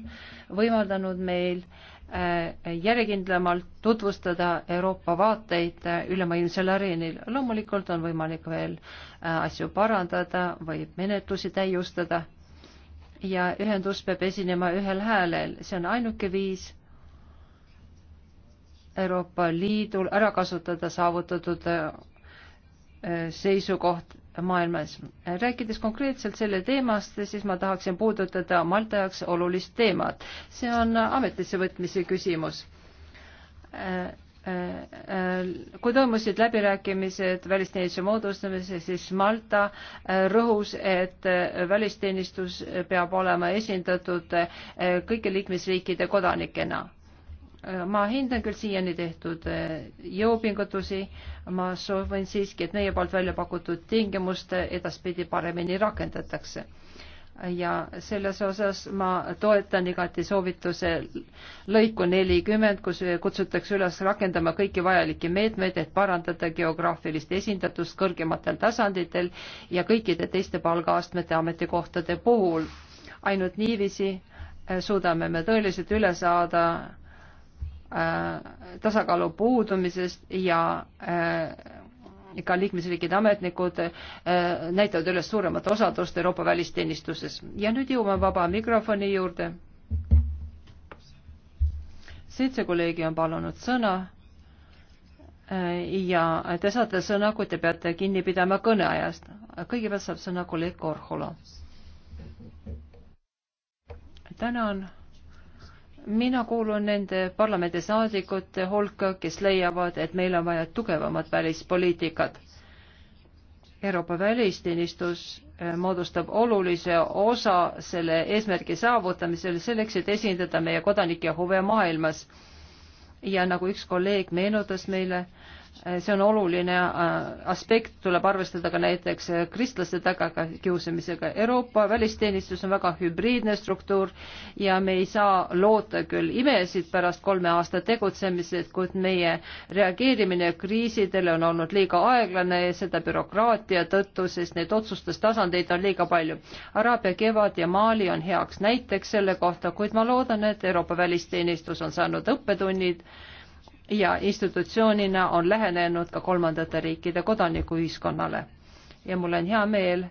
Speaker 1: võimaldanud meil äh, Äh, järjekindlamalt tutvustada Euroopa vaateid äh, ülemaailmsel areenil. loomulikult on võimalik veel äh, asju parandada, võib menetlusi täiustada ja ühendus peab esinema ühel häälel, see on ainuke viis Euroopa Liidul ära kasutada saavutatud seisukoht maailmas. rääkides konkreetselt selle teemast, siis ma tahaksin puudutada Malta jaoks olulist teemat. see on ametisse võtmise küsimus. Äh, äh, kui toimusid läbirääkimised välisteenistuse moodustamisel, siis Malta äh, rõhus, et välisteenistus peab olema esindatud kõigi liikmesriikide kodanikena Äh, ma hindan küll siiani tehtud äh, jõupingutusi, ma soovin siiski, et meie poolt välja pakutud tingimust edaspidi paremini rakendatakse. ja selles osas ma toetan igati soovituse lõiku nelikümmend, kus kutsutakse üles rakendama kõiki vajalikke meetmeid, et parandada geograafilist esindatust kõrgematel tasanditel ja kõikide teiste palgaastmete ametikohtade puhul. ainult niiviisi äh, suudame me tõeliselt üle saada Äh, tasakaalu puudumisest ja äh, ka liikmesriikide ametnikud äh, näitavad üles suuremat osadust Euroopa välisteenistuses. ja nüüd jõuame vaba mikrofoni juurde. seitse kolleegi on palunud sõna ja te saate sõna, kui te peate kinni pidama kõneajast. kõigepealt saab sõna kolleeg Korhola. tänan mina kuulun nende parlamendisaadikute hulka, kes leiavad, et meil on vaja tugevamat välispoliitikat. Euroopa välisteenistus eh, moodustab olulise osa selle eesmärgi saavutamisel selleks, et esindada meie kodanike huve maailmas. ja nagu üks kolleeg meenutas meile äh,, see on oluline äh, aspekt, tuleb arvestada ka näiteks äh, kristlaste tagakiusamisega. Euroopa välisteenistus on väga hübriidne struktuur ja me ei saa loota küll imesid pärast kolme aasta tegutsemised, kuid meie reageerimine kriisidele on olnud liiga aeglane ja seda bürokraatia tõttu, sest neid otsustustasandeid on liiga palju. Araabia kevad ja Mali on heaks näiteks selle kohta, kuid ma loodan, et Euroopa välisteenistus on saanud õppetunnid ja institutsioonina on lähenenud ka kolmandate riikide kodanikuühiskonnale. ja mul on hea meel,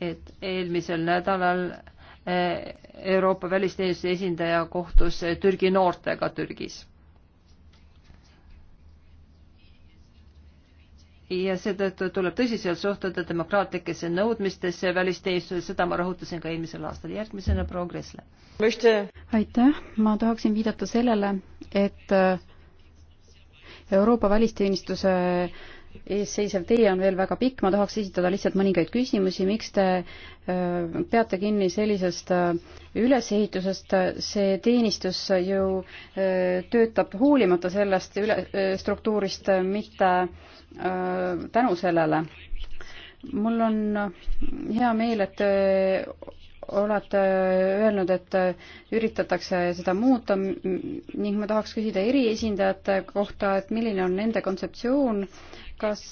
Speaker 1: et eelmisel nädalal eh, Euroopa välisteenistuse esindaja kohtus eh, Türgi noortega Türgis. ja seetõttu tuleb tõsiselt suhtuda demokraatlikesse nõudmistesse välisteenistuses, seda ma rõhutasin ka eelmisel aastal. järgmisena proua Kressle.
Speaker 3: aitäh, ma tahaksin viidata sellele, et äh, Euroopa välisteenistuse ees seisev tee on veel väga pikk, ma tahaks esitada lihtsalt mõningaid küsimusi, miks te äh, peate kinni sellisest äh, ülesehitusest, see teenistus ju äh, töötab hoolimata sellest üle, struktuurist, mitte tänu sellele. mul on hea meel, et te olete öelnud, et üritatakse seda muuta ning ma tahaks küsida eriesindajate kohta, et milline on nende kontseptsioon, kas,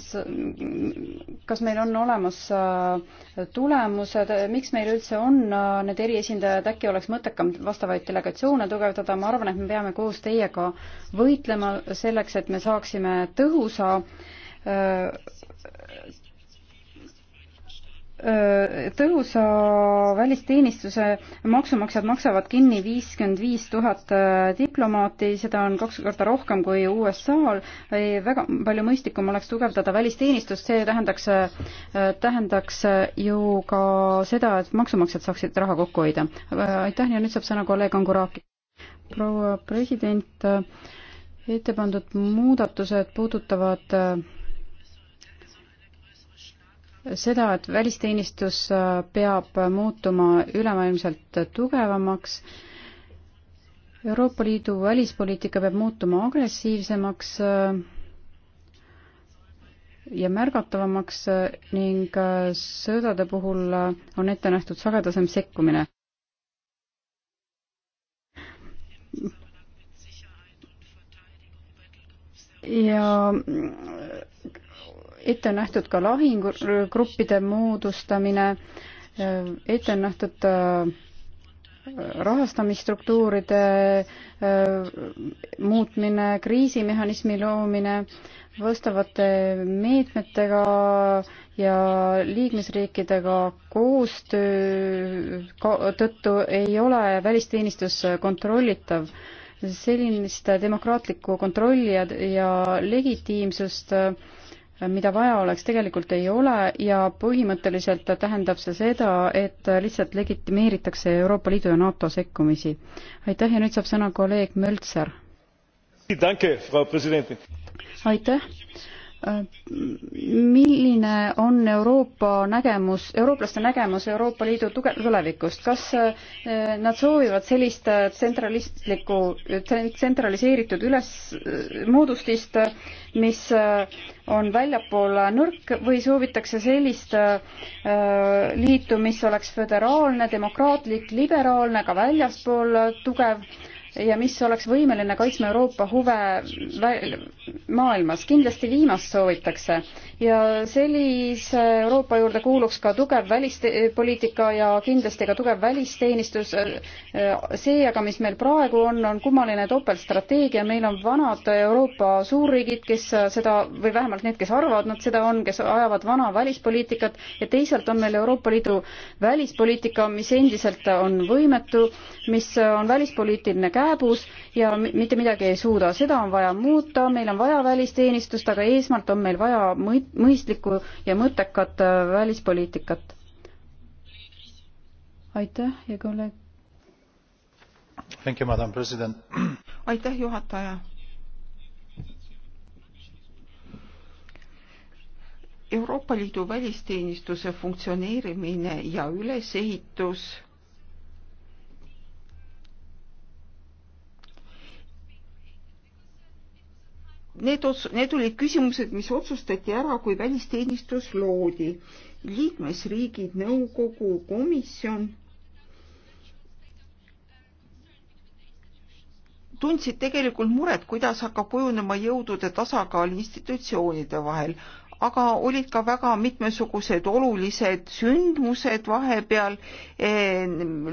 Speaker 3: kas meil on olemas äh, tulemused, miks meil üldse on äh, need eriesindajad, äkki oleks mõttekam vastavaid delegatsioone tugevdada, ma arvan, et me peame koos teiega võitlema selleks, et me saaksime tõhusa äh, tõhusa välisteenistuse maksumaksjad maksavad kinni viiskümmend viis tuhat diplomaati, seda on kaks korda rohkem kui USA-l. väga palju mõistlikum oleks tugevdada välisteenistust, see tähendaks, tähendaks ju ka seda, et maksumaksjad saaksid raha kokku hoida. aitäh ja nüüd saab sõna kolleeg Anguraki. proua president, ette pandud muudatused puudutavad seda, et välisteenistus äh, peab muutuma ülemaailmselt tugevamaks. Euroopa Liidu välispoliitika peab muutuma agressiivsemaks äh, ja märgatavamaks äh, ning sõdade puhul on ette nähtud sagedasem sekkumine. ja ette on nähtud ka lahingugruppide moodustamine, ette on nähtud äh, rahastamisstruktuuride äh, muutmine, kriisimehhanismi loomine, vastavate meetmetega ja liikmesriikidega koostöö tõttu ei ole välisteenistus kontrollitav sellist demokraatlikku kontrolli ja, ja legitiimsust äh, mida vaja oleks, tegelikult ei ole ja põhimõtteliselt tähendab see seda, et lihtsalt legitimeeritakse Euroopa Liidu ja NATO sekkumisi. aitäh ja nüüd saab sõna kolleeg Möltser. aitäh milline on Euroopa nägemus, eurooplaste nägemus Euroopa Liidu tulevikust, kas eh, nad soovivad sellist eh, tsentralistlikku, tsentraliseeritud üles, eh, moodustist, mis on väljapool nõrk või soovitakse sellist liitu, mis oleks föderaalne, demokraatlik, liberaalne, ka väljaspool tugev ja mis oleks võimeline kaitsma Euroopa huve maailmas. kindlasti viimast soovitakse ja sellise Euroopa juurde kuuluks ka tugev välispoliitika ja kindlasti ka tugev välisteenistus. see aga, mis meil praegu on, on kummaline topeltstrateegia, meil on vanad Euroopa suurriigid, kes seda või vähemalt need, kes arvavad, nad seda on, kes ajavad vana välispoliitikat ja teisalt on meil Euroopa Liidu välispoliitika, mis endiselt on võimetu, mis on välispoliitiline käe kääbus ja mitte midagi ei suuda. seda on vaja muuta, meil on vaja välisteenistust, aga eesmärk on meil vaja mõistlikku ja mõttekat äh, välispoliitikat. aitäh ja kolleeg. *clears throat* aitäh, juhataja.
Speaker 2: Euroopa Liidu välisteenistuse funktsioneerimine ja ülesehitus Need, need olid küsimused, mis otsustati ära, kui välisteenistus loodi. liikmesriigid, nõukogu, komisjon tundsid tegelikult muret, kuidas hakkab kujunema jõudude tasakaal institutsioonide vahel, aga olid ka väga mitmesugused olulised sündmused vahepeal, e,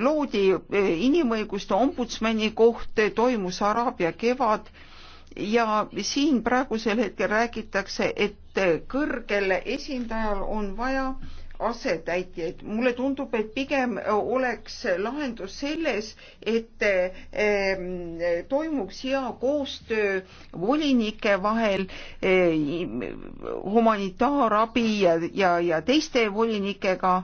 Speaker 2: loodi e, inimõiguste ombudsmani koht, toimus Araabia kevad ja siin praegusel hetkel räägitakse, et kõrgel esindajal on vaja asetäitjaid. mulle tundub, et pigem oleks lahendus selles, et ehm, toimuks hea koostöö volinike vahel, ehm, humanitaarabi ja, ja, ja teiste volinikega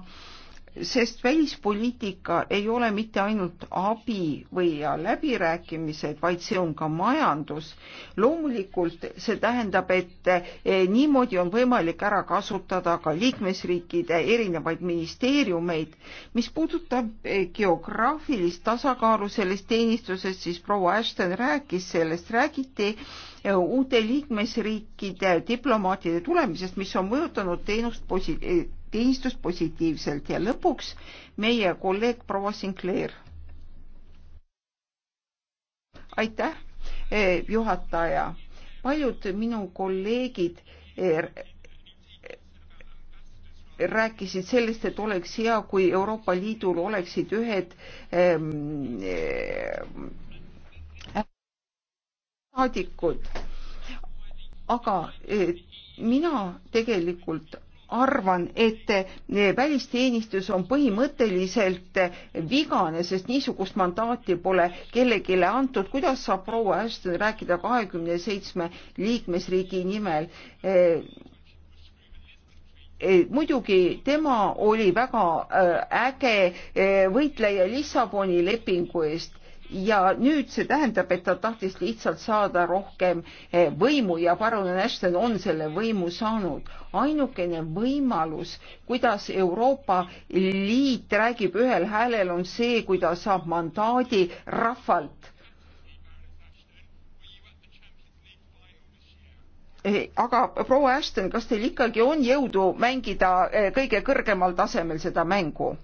Speaker 2: sest välispoliitika ei ole mitte ainult abi või läbirääkimised, vaid see on ka majandus. loomulikult see tähendab, et eh, niimoodi on võimalik ära kasutada ka liikmesriikide erinevaid ministeeriumeid. mis puudutab eh, geograafilist tasakaalu sellest teenistusest, siis proua Ashton rääkis sellest, räägiti eh, uute liikmesriikide diplomaatide tulemisest, mis on mõjutanud teenust positiivselt teenistust positiivselt ja lõpuks meie kolleeg proua Sinclair. aitäh, eh, juhataja. paljud minu kolleegid eh, rääkisid sellest, et oleks hea, kui Euroopa Liidul oleksid ühed ehm, eh, saadikud ähm, äh,. aga äh, mina tegelikult arvan, et välisteenistus on põhimõtteliselt vigane, sest niisugust mandaati pole kellelegi antud. kuidas saab proua Ashton rääkida kahekümne seitsme liikmesriigi nimel? E, e, muidugi tema oli väga äh, äge e, võitleja Lissaboni lepingu eest ja nüüd see tähendab, et ta tahtis lihtsalt saada rohkem eh, võimu ja parun Ashton on selle võimu saanud. ainukene võimalus, kuidas Euroopa Liit räägib ühel häälel, on see, kui ta saab mandaadi rahvalt. Eh, aga proua Ashton, kas teil ikkagi on jõudu mängida eh, kõige kõrgemal tasemel seda mängu?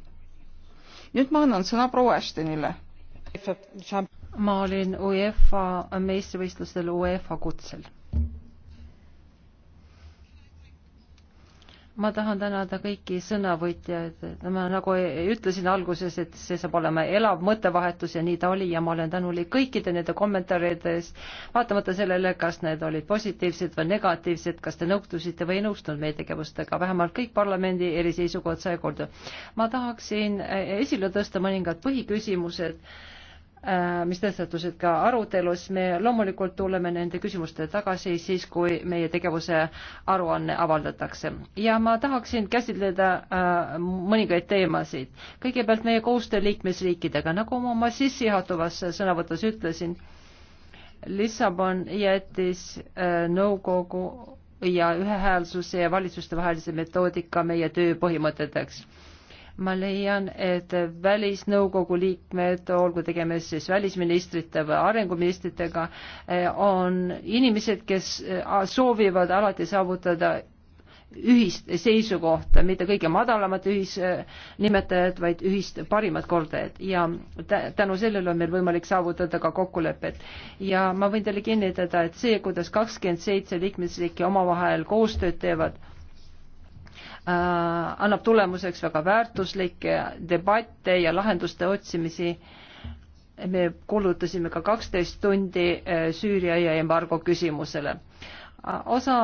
Speaker 2: nüüd ma annan sõna proua
Speaker 1: Ashtonile ma olin UEFA meistrivõistlustel UEFA kutsel. ma tahan tänada kõiki sõnavõtjaid, ma nagu ütlesin alguses, et see saab olema elav mõttevahetus ja nii ta oli ja ma olen tänulik kõikide nende kommentaaride eest, vaatamata sellele, kas need olid positiivsed või negatiivsed, kas te nõustusite või ei nõustunud meie tegevustega, vähemalt kõik parlamendi eriseisukohad sai korda. ma tahaksin esile tõsta mõningad põhiküsimused Äh, mis tõstatusid ka arutelus, me loomulikult tuleme nende küsimuste tagasi siis, kui meie tegevuse aruanne avaldatakse. ja ma tahaksin käsitleda äh, mõningaid teemasid. kõigepealt meie koostöö liikmesriikidega, nagu ma oma sissejuhatavas sõnavõtus ütlesin, Lissabon jättis äh, nõukogu ja ühehäälsuse ja valitsuste vahelise metoodika meie töö põhimõteteks ma leian, et välisnõukogu liikmed, olgu tegemist siis välisministrite või arenguministritega, eh, on inimesed, kes eh, soovivad alati saavutada ühist seisukohta, mitte kõige madalamat ühisnimetajat, eh, vaid ühist parimat kordajat ja tänu sellele on meil võimalik saavutada ka kokkulepet. ja ma võin teile kinnitada, et see, kuidas kakskümmend seitse liikmesriiki omavahel koostööd teevad, Äh, annab tulemuseks väga väärtuslikke debatte ja lahenduste otsimisi. me kulutasime ka kaksteist tundi äh, Süüria ja embargo küsimusele. Äh, osa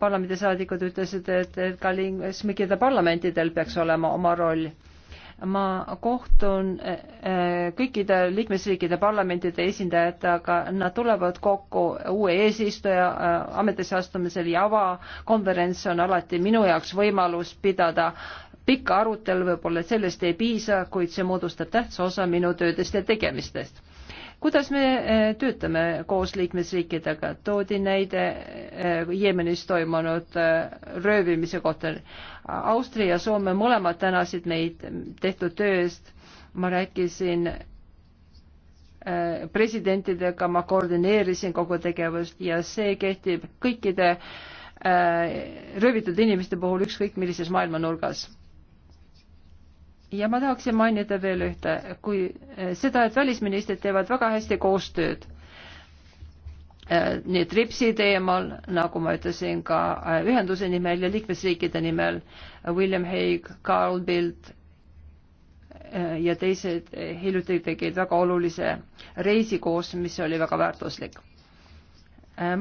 Speaker 1: parlamendisaadikud ütlesid, et ka liikmesriikide parlamentidel peaks olema oma roll ma kohtun äh, äh, kõikide liikmesriikide parlamentide esindajatega, nad tulevad kokku uue eesistuja äh, ametisse astumisel ja avakonverents on alati minu jaoks võimalus pidada pikka arutelu, võib-olla sellest ei piisa, kuid see moodustab tähtsa osa minu töödest ja tegemistest kuidas me eh, töötame koos liikmesriikidega, toodi näide eh, Jeemenis toimunud eh, röövimise kohta. Austria ja Soome mõlemad tänasid meid tehtud töö eest. ma rääkisin presidentidega, ma koordineerisin kogu tegevust ja see kehtib kõikide röövitud inimeste puhul ükskõik millises maailmanurgas ja ma tahaksin mainida veel ühte, kui eh, seda, et välisministrid teevad väga hästi koostööd. Eh, nii TRIPS-i teemal, nagu ma ütlesin, ka eh, ühenduse nimel ja liikmesriikide nimel William Hague, Carl Bildt ja teised hiljuti tegid väga olulise reisi koos, mis oli väga väärtuslik.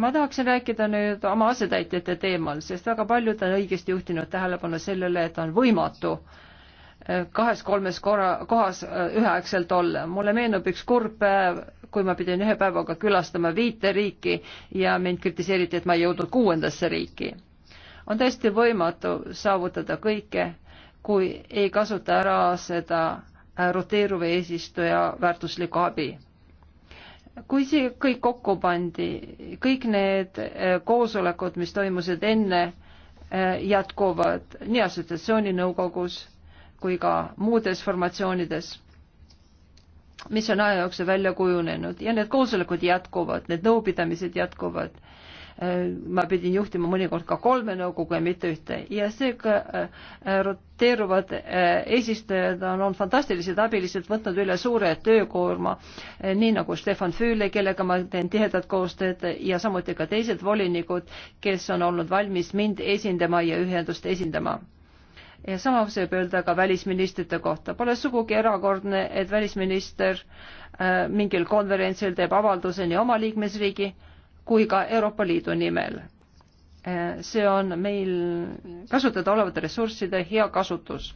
Speaker 1: ma tahaksin rääkida nüüd oma asetäitjate teemal, sest väga paljud on õigesti juhtinud tähelepanu sellele, et on võimatu äh, kahes-kolmes korra, kohas äh, üheaegselt olla. mulle meenub üks kurb päev, kui ma pidin ühe päevaga külastama viite riiki ja mind kritiseeriti, et ma ei jõudnud kuuendasse riiki. on täiesti võimatu saavutada kõike, kui ei kasuta ära seda äh, roteeruva eesistuja väärtuslikku abi kui see kõik kokku pandi, kõik need äh, koosolekud, mis toimusid enne, jätkuvad nii assotsiatsiooni nõukogus kui ka muudes formatsioonides, mis on aja jooksul välja kujunenud ja need koosolekud jätkuvad, need nõupidamised jätkuvad. Äh, ma pidin juhtima mõnikord ka kolme nõukogu ja mitte ühte ja seega äh, roteeruvad äh, eesistujad on, on fantastilised abilised võtnud üle suure töökoorma, nii nagu Stefan Füüle, kellega ma teen tihedat koostööd ja samuti ka teised volinikud, kes on olnud valmis mind esindama ja ühendust esindama ja sama võib öelda ka välisministrite kohta. Pole sugugi erakordne, et välisminister äh, mingil konverentsil teeb avalduse nii oma liikmesriigi kui ka Euroopa Liidu nimel. Äh, see on meil kasutada olevate ressursside hea kasutus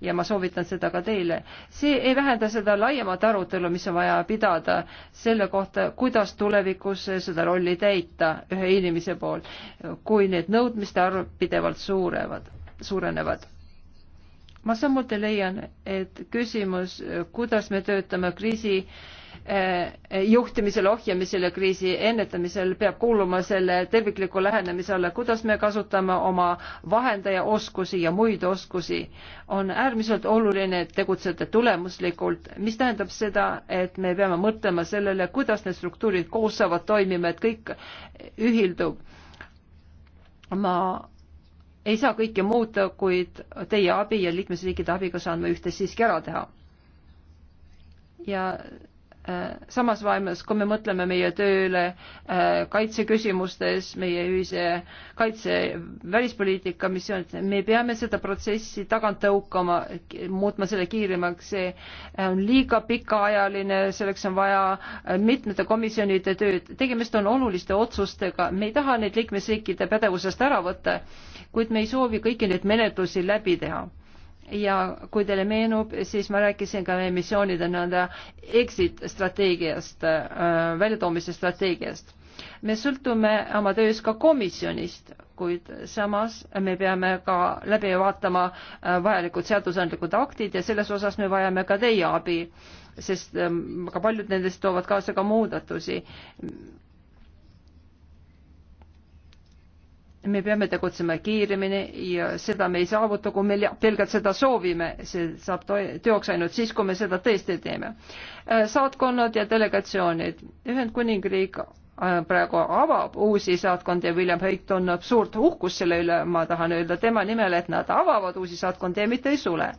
Speaker 1: ja ma soovitan seda ka teile. see ei vähenda seda laiemat arutelu, mis on vaja pidada selle kohta, kuidas tulevikus seda rolli täita ühe inimese poolt, kui need nõudmiste arv pidevalt suurevad, suurenevad ma samuti leian, et küsimus, kuidas me töötame kriisi eh, juhtimisel, ohjamisel ja kriisi ennetamisel peab kuuluma selle tervikliku lähenemise alla, kuidas me kasutame oma vahendaja oskusi ja muid oskusi. on äärmiselt oluline tegutseda tulemuslikult, mis tähendab seda, et me peame mõtlema sellele, kuidas need struktuurid koos saavad toimima, et kõik ühildub. ma ei saa kõike muuta, kuid teie abi ja liikmesriikide abiga saan ma ühte siiski ära teha. ja äh, samas vaimus, kui me mõtleme meie tööle äh, kaitseküsimustes, meie ühise kaitse välispoliitika missioonid, me peame seda protsessi tagant tõukama, muutma selle kiiremaks, see on liiga pikaajaline, selleks on vaja äh, mitmete komisjonide tööd, tegemist on oluliste otsustega, me ei taha neid liikmesriikide pädevusest ära võtta kuid me ei soovi kõiki neid menetlusi läbi teha ja kui teile meenub, siis ma rääkisin ka emissioonide nii-öelda exit strateegiast äh,, väljatoomise strateegiast. me sõltume oma töös ka komisjonist, kuid samas me peame ka läbi vaatama äh, vajalikud seadusandlikud aktid ja selles osas me vajame ka teie abi, sest äh, ka paljud nendest toovad kaasa ka muudatusi me peame tegutsema kiiremini ja seda me ei saavuta, kui me pelgalt seda soovime, see saab teoks ainult siis, kui me seda tõesti teeme. Äh, saatkonnad ja delegatsioonid, Ühendkuningriik äh, praegu avab uusi saatkondi ja William Hague tunneb suurt uhkust selle üle, ma tahan öelda tema nimel, et nad avavad uusi saatkondi ja mitte ei sule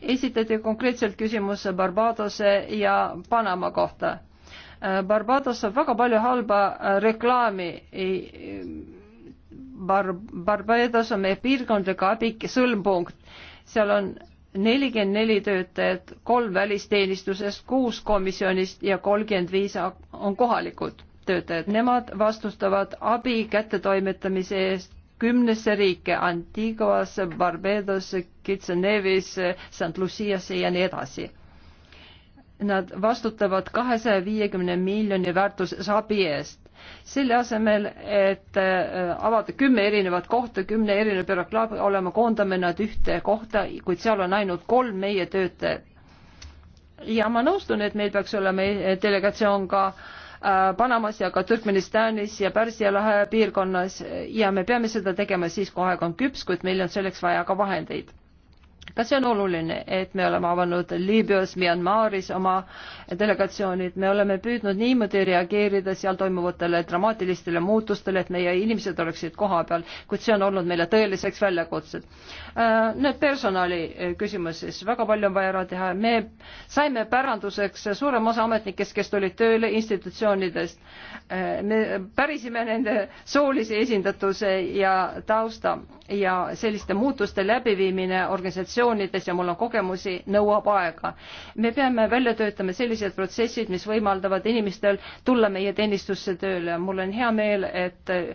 Speaker 1: esitati konkreetselt küsimus Barbadose ja Panama kohta. Äh, Barbados saab väga palju halba reklaami ei, Bar-, Barbados on meie piirkondlik abik-, sõlmpunkt. seal on nelikümmend neli töötajat, kolm välisteenistusest, kuus komisjonist ja kolmkümmend viis on kohalikud töötajad. Nemad vastustavad abi kättetoimetamise eest kümnesse riike Antiguasse, Barbadosse, Kitsenevisse, St Luciasse ja nii edasi. Nad vastutavad kahesaja viiekümne miljoni väärtuses abi eest selle asemel, et äh, avada kümme erinevat kohta, kümne erineva bürokraatia, oleme, koondame nad ühte kohta, kuid seal on ainult kolm meie töötajat. ja ma nõustun, et meil peaks olema äh, delegatsioon ka äh, Panamas ja ka Türkmenistanis ja Pärsia lahe piirkonnas ja me peame seda tegema siis, kui aeg on küps, kuid meil on selleks vaja ka vahendeid ka see on oluline, et me oleme avanud Liibüas, Myanmaris oma delegatsioonid, me oleme püüdnud niimoodi reageerida seal toimuvatele dramaatilistele muutustele, et meie inimesed oleksid kohapeal, kuid see on olnud meile tõeliseks väljakutsed. Äh, nüüd personali äh, küsimuses, väga palju on vaja ära teha, me saime päranduseks suurem osa ametnikest, kes tulid tööle institutsioonidest. Äh, me pärisime nende soolise esindatuse ja tausta ja selliste muutuste läbiviimine organisatsioonides organisatsioonides ja mul on kogemusi, nõuab aega. me peame välja töötama sellised protsessid, mis võimaldavad inimestel tulla meie teenistusse tööle. mul on hea meel, et äh,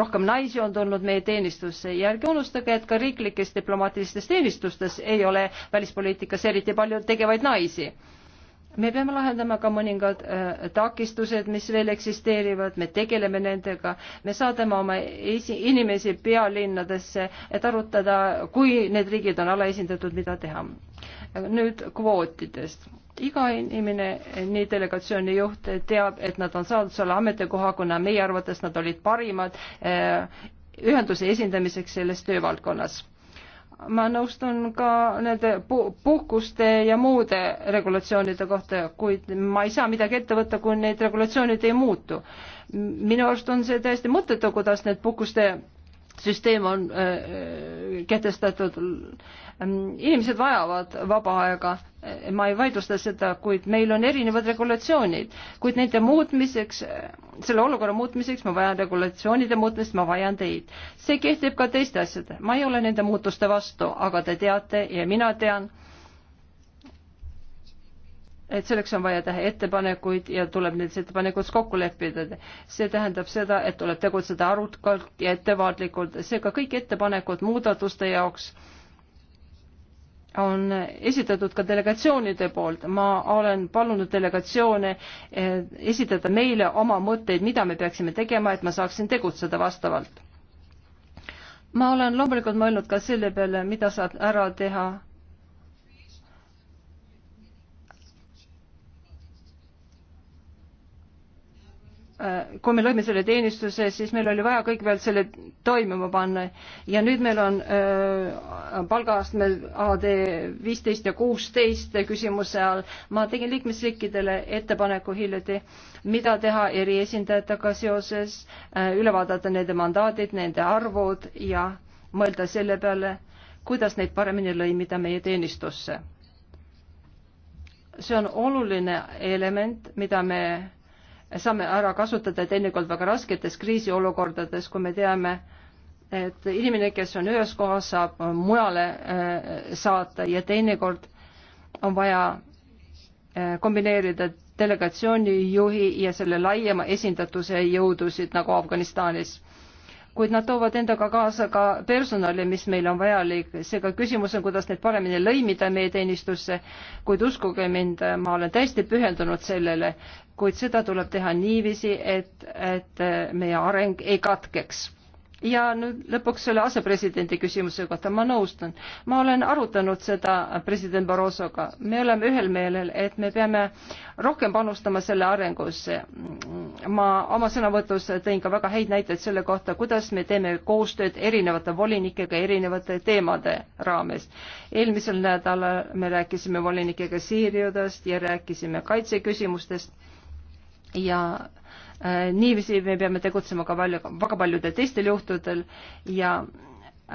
Speaker 1: rohkem naisi on tulnud meie teenistusse ja ärge unustage, et ka riiklikes diplomaatilistes teenistustes ei ole välispoliitikas eriti palju tegevaid naisi me peame lahendama ka mõningad äh, takistused, mis veel eksisteerivad, me tegeleme nendega, me saadame oma esi-, inimesi pealinnadesse, et arutada, kui need riigid on alaesindatud, mida teha. nüüd kvootidest. iga inimene, eh, nii delegatsiooni juht teab, et nad on saanud selle ametikoha, kuna meie arvates nad olid parimad äh, ühenduse esindamiseks selles töövaldkonnas ma nõustun ka nende puhkuste ja muude regulatsioonide kohta, kuid ma ei saa midagi ette võtta, kui need regulatsioonid ei muutu. minu arust on see täiesti mõttetu, kuidas need puhkuste süsteem on äh, äh, kehtestatud. Ähm, inimesed vajavad vaba aega, äh, ma ei vaidlusta seda, kuid meil on erinevad regulatsioonid, kuid nende muutmiseks, selle olukorra muutmiseks ma vajan regulatsioonide muutmist, ma vajan teid. see kehtib ka teiste asjade, ma ei ole nende muutuste vastu, aga te teate ja mina tean et selleks on vaja teha ettepanekuid ja tuleb nendes ettepanekutes kokku leppida. see tähendab seda, et tuleb tegutseda arukalt ja ettevaatlikult, seega kõik ettepanekud muudatuste jaoks on esitatud ka delegatsioonide poolt. ma olen palunud delegatsioone eh, esitada meile oma mõtteid, mida me peaksime tegema, et ma saaksin tegutseda vastavalt. ma olen loomulikult mõelnud ka selle peale, mida saab ära teha Äh, kui me lõime selle teenistuse, siis meil oli vaja kõigepealt selle toimima panna ja nüüd meil on äh, palgaastmel AD viisteist ja kuusteist küsimuse all. ma tegin liikmesriikidele ettepaneku hiljuti, mida teha eriesindajatega seoses, äh, üle vaadata nende mandaadid, nende arvud ja mõelda selle peale, kuidas neid paremini lõimida meie teenistusse. see on oluline element, mida me saame ära kasutada teinekord väga rasketes kriisiolukordades, kui me teame, et inimene, kes on ühes kohas, saab mujale äh, saata ja teinekord on vaja äh, kombineerida delegatsiooni juhi ja selle laiema esindatuse jõudusid nagu Afganistanis kuid nad toovad endaga kaasa ka personali, mis meil on vajalik. seega küsimus on, kuidas neid paremini lõimida meie teenistusse, kuid uskuge mind, ma olen täiesti pühendunud sellele, kuid seda tuleb teha niiviisi, et, et meie areng ei katkeks ja nüüd lõpuks selle asepresidendi küsimuse kohta, ma nõustun. ma olen arutanud seda president Barrosoga, me oleme ühel meelel, et me peame rohkem panustama selle arengusse. ma oma sõnavõtus tõin ka väga häid näiteid selle kohta, kuidas me teeme koostööd erinevate volinikega erinevate teemade raames. eelmisel nädalal me rääkisime volinikega Siiriudest ja rääkisime kaitseküsimustest ja Äh, niiviisi me peame tegutsema ka palju, väga paljudel teistel juhtudel ja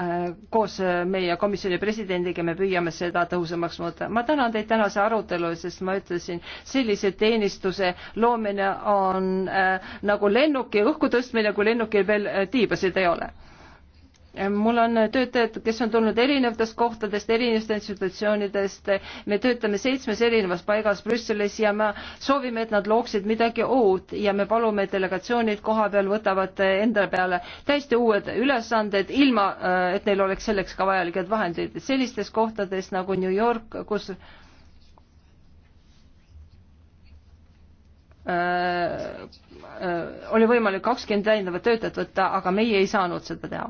Speaker 1: äh, koos äh, meie komisjoni presidendiga me püüame seda tõhusamaks muuta. ma tänan teid tänase arutelu, sest ma ütlesin, sellise teenistuse loomine on äh, nagu lennuki õhku tõstmine, kui lennukil veel tiibasid ei ole mul on töötajad, kes on tulnud erinevatest kohtadest, erinevatest institutsioonidest, me töötame seitsmes erinevas paigas Brüsselis ja me soovime, et nad looksid midagi uut ja me palume, et delegatsioonid koha peal võtavad enda peale täiesti uued ülesanded, ilma äh, et neil oleks selleks ka vajalikud vahendid. sellistes kohtades nagu New York, kus äh, äh, oli võimalik kakskümmend täiendavat töötajat võtta, aga meie ei saanud seda teha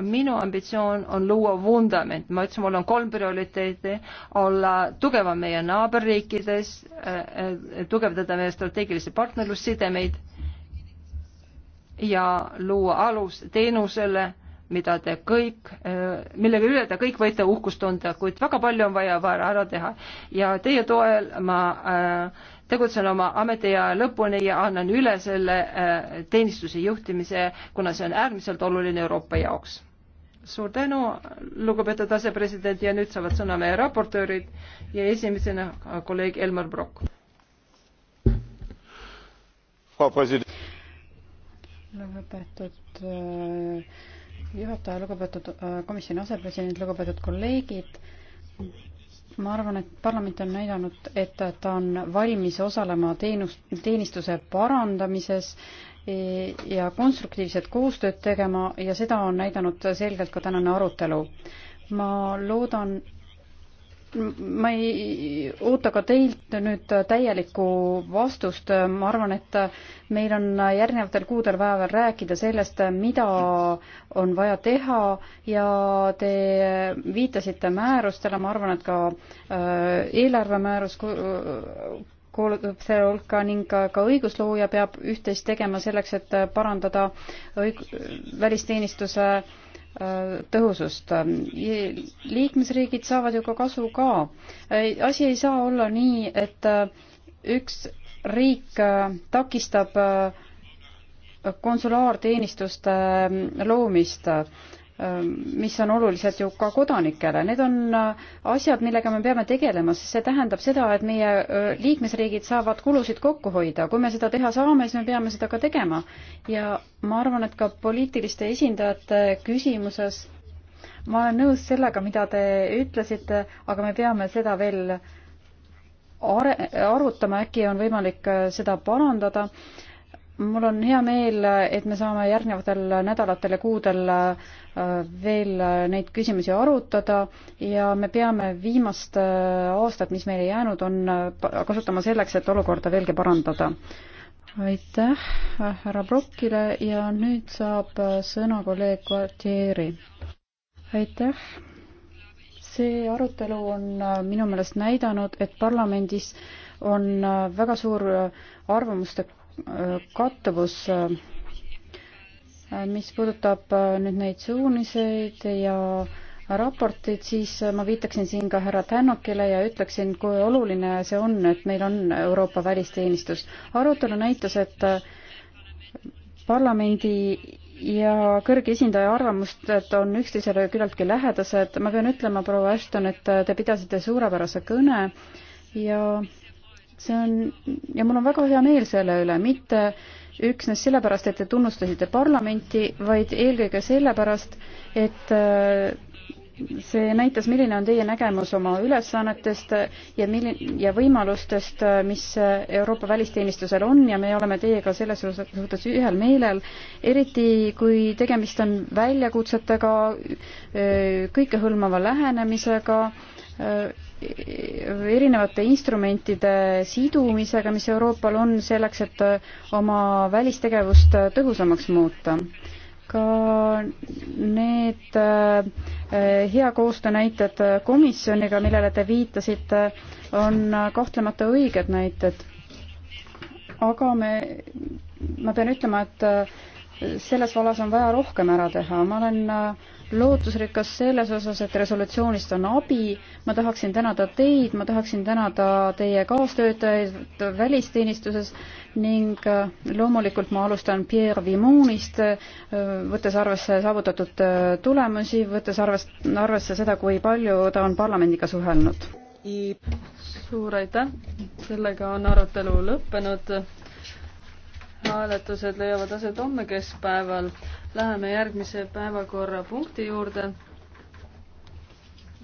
Speaker 1: minu ambitsioon on luua vundament, ma ütlesin, mul on kolm prioriteeti, olla tugevam meie naaberriikides, äh, äh, tugevdada meie strateegilisi partnerlussidemeid ja luua alus teenusele, mida te kõik, äh, millega üle te kõik võite uhkust tunda, kuid väga palju on vaja ära teha ja teie toel ma äh, tegutsen oma ametiaja lõpuni ja annan üle selle äh, teenistuse juhtimise, kuna see on äärmiselt oluline Euroopa jaoks. suur tänu, lugupeetud asepresident ja nüüd saavad sõna meie raportöörid ja esimesena
Speaker 3: kolleeg Elmar Brokk. lugupeetud äh, juhataja, lugupeetud äh, komisjoni asepresident, lugupeetud kolleegid ma arvan, et parlament on näidanud, et ta on valmis osalema teenus, teenistuse parandamises e, ja konstruktiivset koostööd tegema ja seda on näidanud selgelt ka tänane arutelu. ma loodan, ma ei oota ka teilt nüüd täielikku vastust, ma arvan, et meil on järgnevatel kuudel vaja veel rääkida sellest, mida on vaja teha ja te viitasite määrustele, ma arvan, et ka äh, eelarvemäärus kuulutab selle hulka ning ka, ka õiguslooja peab üht-teist tegema selleks, et parandada õig-, välisteenistuse Äh, tõhusust. Äh, liikmesriigid saavad ju ka kasu ka. asi ei saa olla nii, et äh, üks riik takistab konsulaarteenistuste loomist. Ähm, mis on olulised ju ka kodanikele. Need on äh, asjad, millega me peame tegelema, sest see tähendab seda, et meie äh, liikmesriigid saavad kulusid kokku hoida. kui me seda teha saame, siis me peame seda ka tegema. ja ma arvan, et ka poliitiliste esindajate küsimuses ma olen nõus sellega, mida te ütlesite, aga me peame seda veel are-, arutama, äkki on võimalik äh, seda parandada mul on hea meel, et me saame järgnevatel nädalatel ja kuudel äh, veel neid küsimusi arutada ja me peame viimast äh, aastat, mis meile jäänud on, kasutama selleks, et olukorda veelgi parandada. aitäh äh, härra Brockile ja nüüd saab sõna kolleeg Kvartieri. aitäh see arutelu on minu meelest näidanud, et parlamendis on väga suur arvamuste kattuvus, äh, mis puudutab äh, nüüd neid suuniseid ja raportit, siis äh, ma viitaksin siin ka härra Tänokile ja ütleksin, kui oluline see on, et meil on Euroopa välisteenistus. arutelu näitas, et parlamendi ja kõrge esindaja arvamused on üksteisele küllaltki lähedased. ma pean ütlema, proua Ashton, et te pidasite suurepärase kõne ja see on, ja mul on väga hea meel selle üle, mitte üksnes sellepärast, et te tunnustasite parlamenti, vaid eelkõige sellepärast, et äh, see näitas, milline on teie nägemus oma ülesannetest ja milli- ja võimalustest, äh, mis äh, Euroopa välisteenistusel on ja me oleme teiega selles suhtes ühel meelel, eriti kui tegemist on väljakutsetega, kõikehõlmava lähenemisega erinevate instrumentide sidumisega, mis Euroopal on selleks, et oma välistegevust tõhusamaks muuta. ka need äh, hea koostöö näited komisjoniga, millele te viitasite, on kahtlemata õiged näited. aga me, ma pean ütlema, et äh, selles vallas on vaja rohkem ära teha, ma olen äh, lootusrikas selles osas, et resolutsioonist on abi. ma tahaksin tänada teid, ma tahaksin tänada teie kaastöötajaid välisteenistuses ning äh, loomulikult ma alustan Pierre Vimonist, äh, võttes arvesse saavutatud äh, tulemusi, võttes arvest-, arvesse seda, kui palju ta on parlamendiga suhelnud. suur aitäh, sellega on arutelu lõppenud hääletused leiavad aset homme keskpäeval. Läheme järgmise päevakorrapunkti juurde.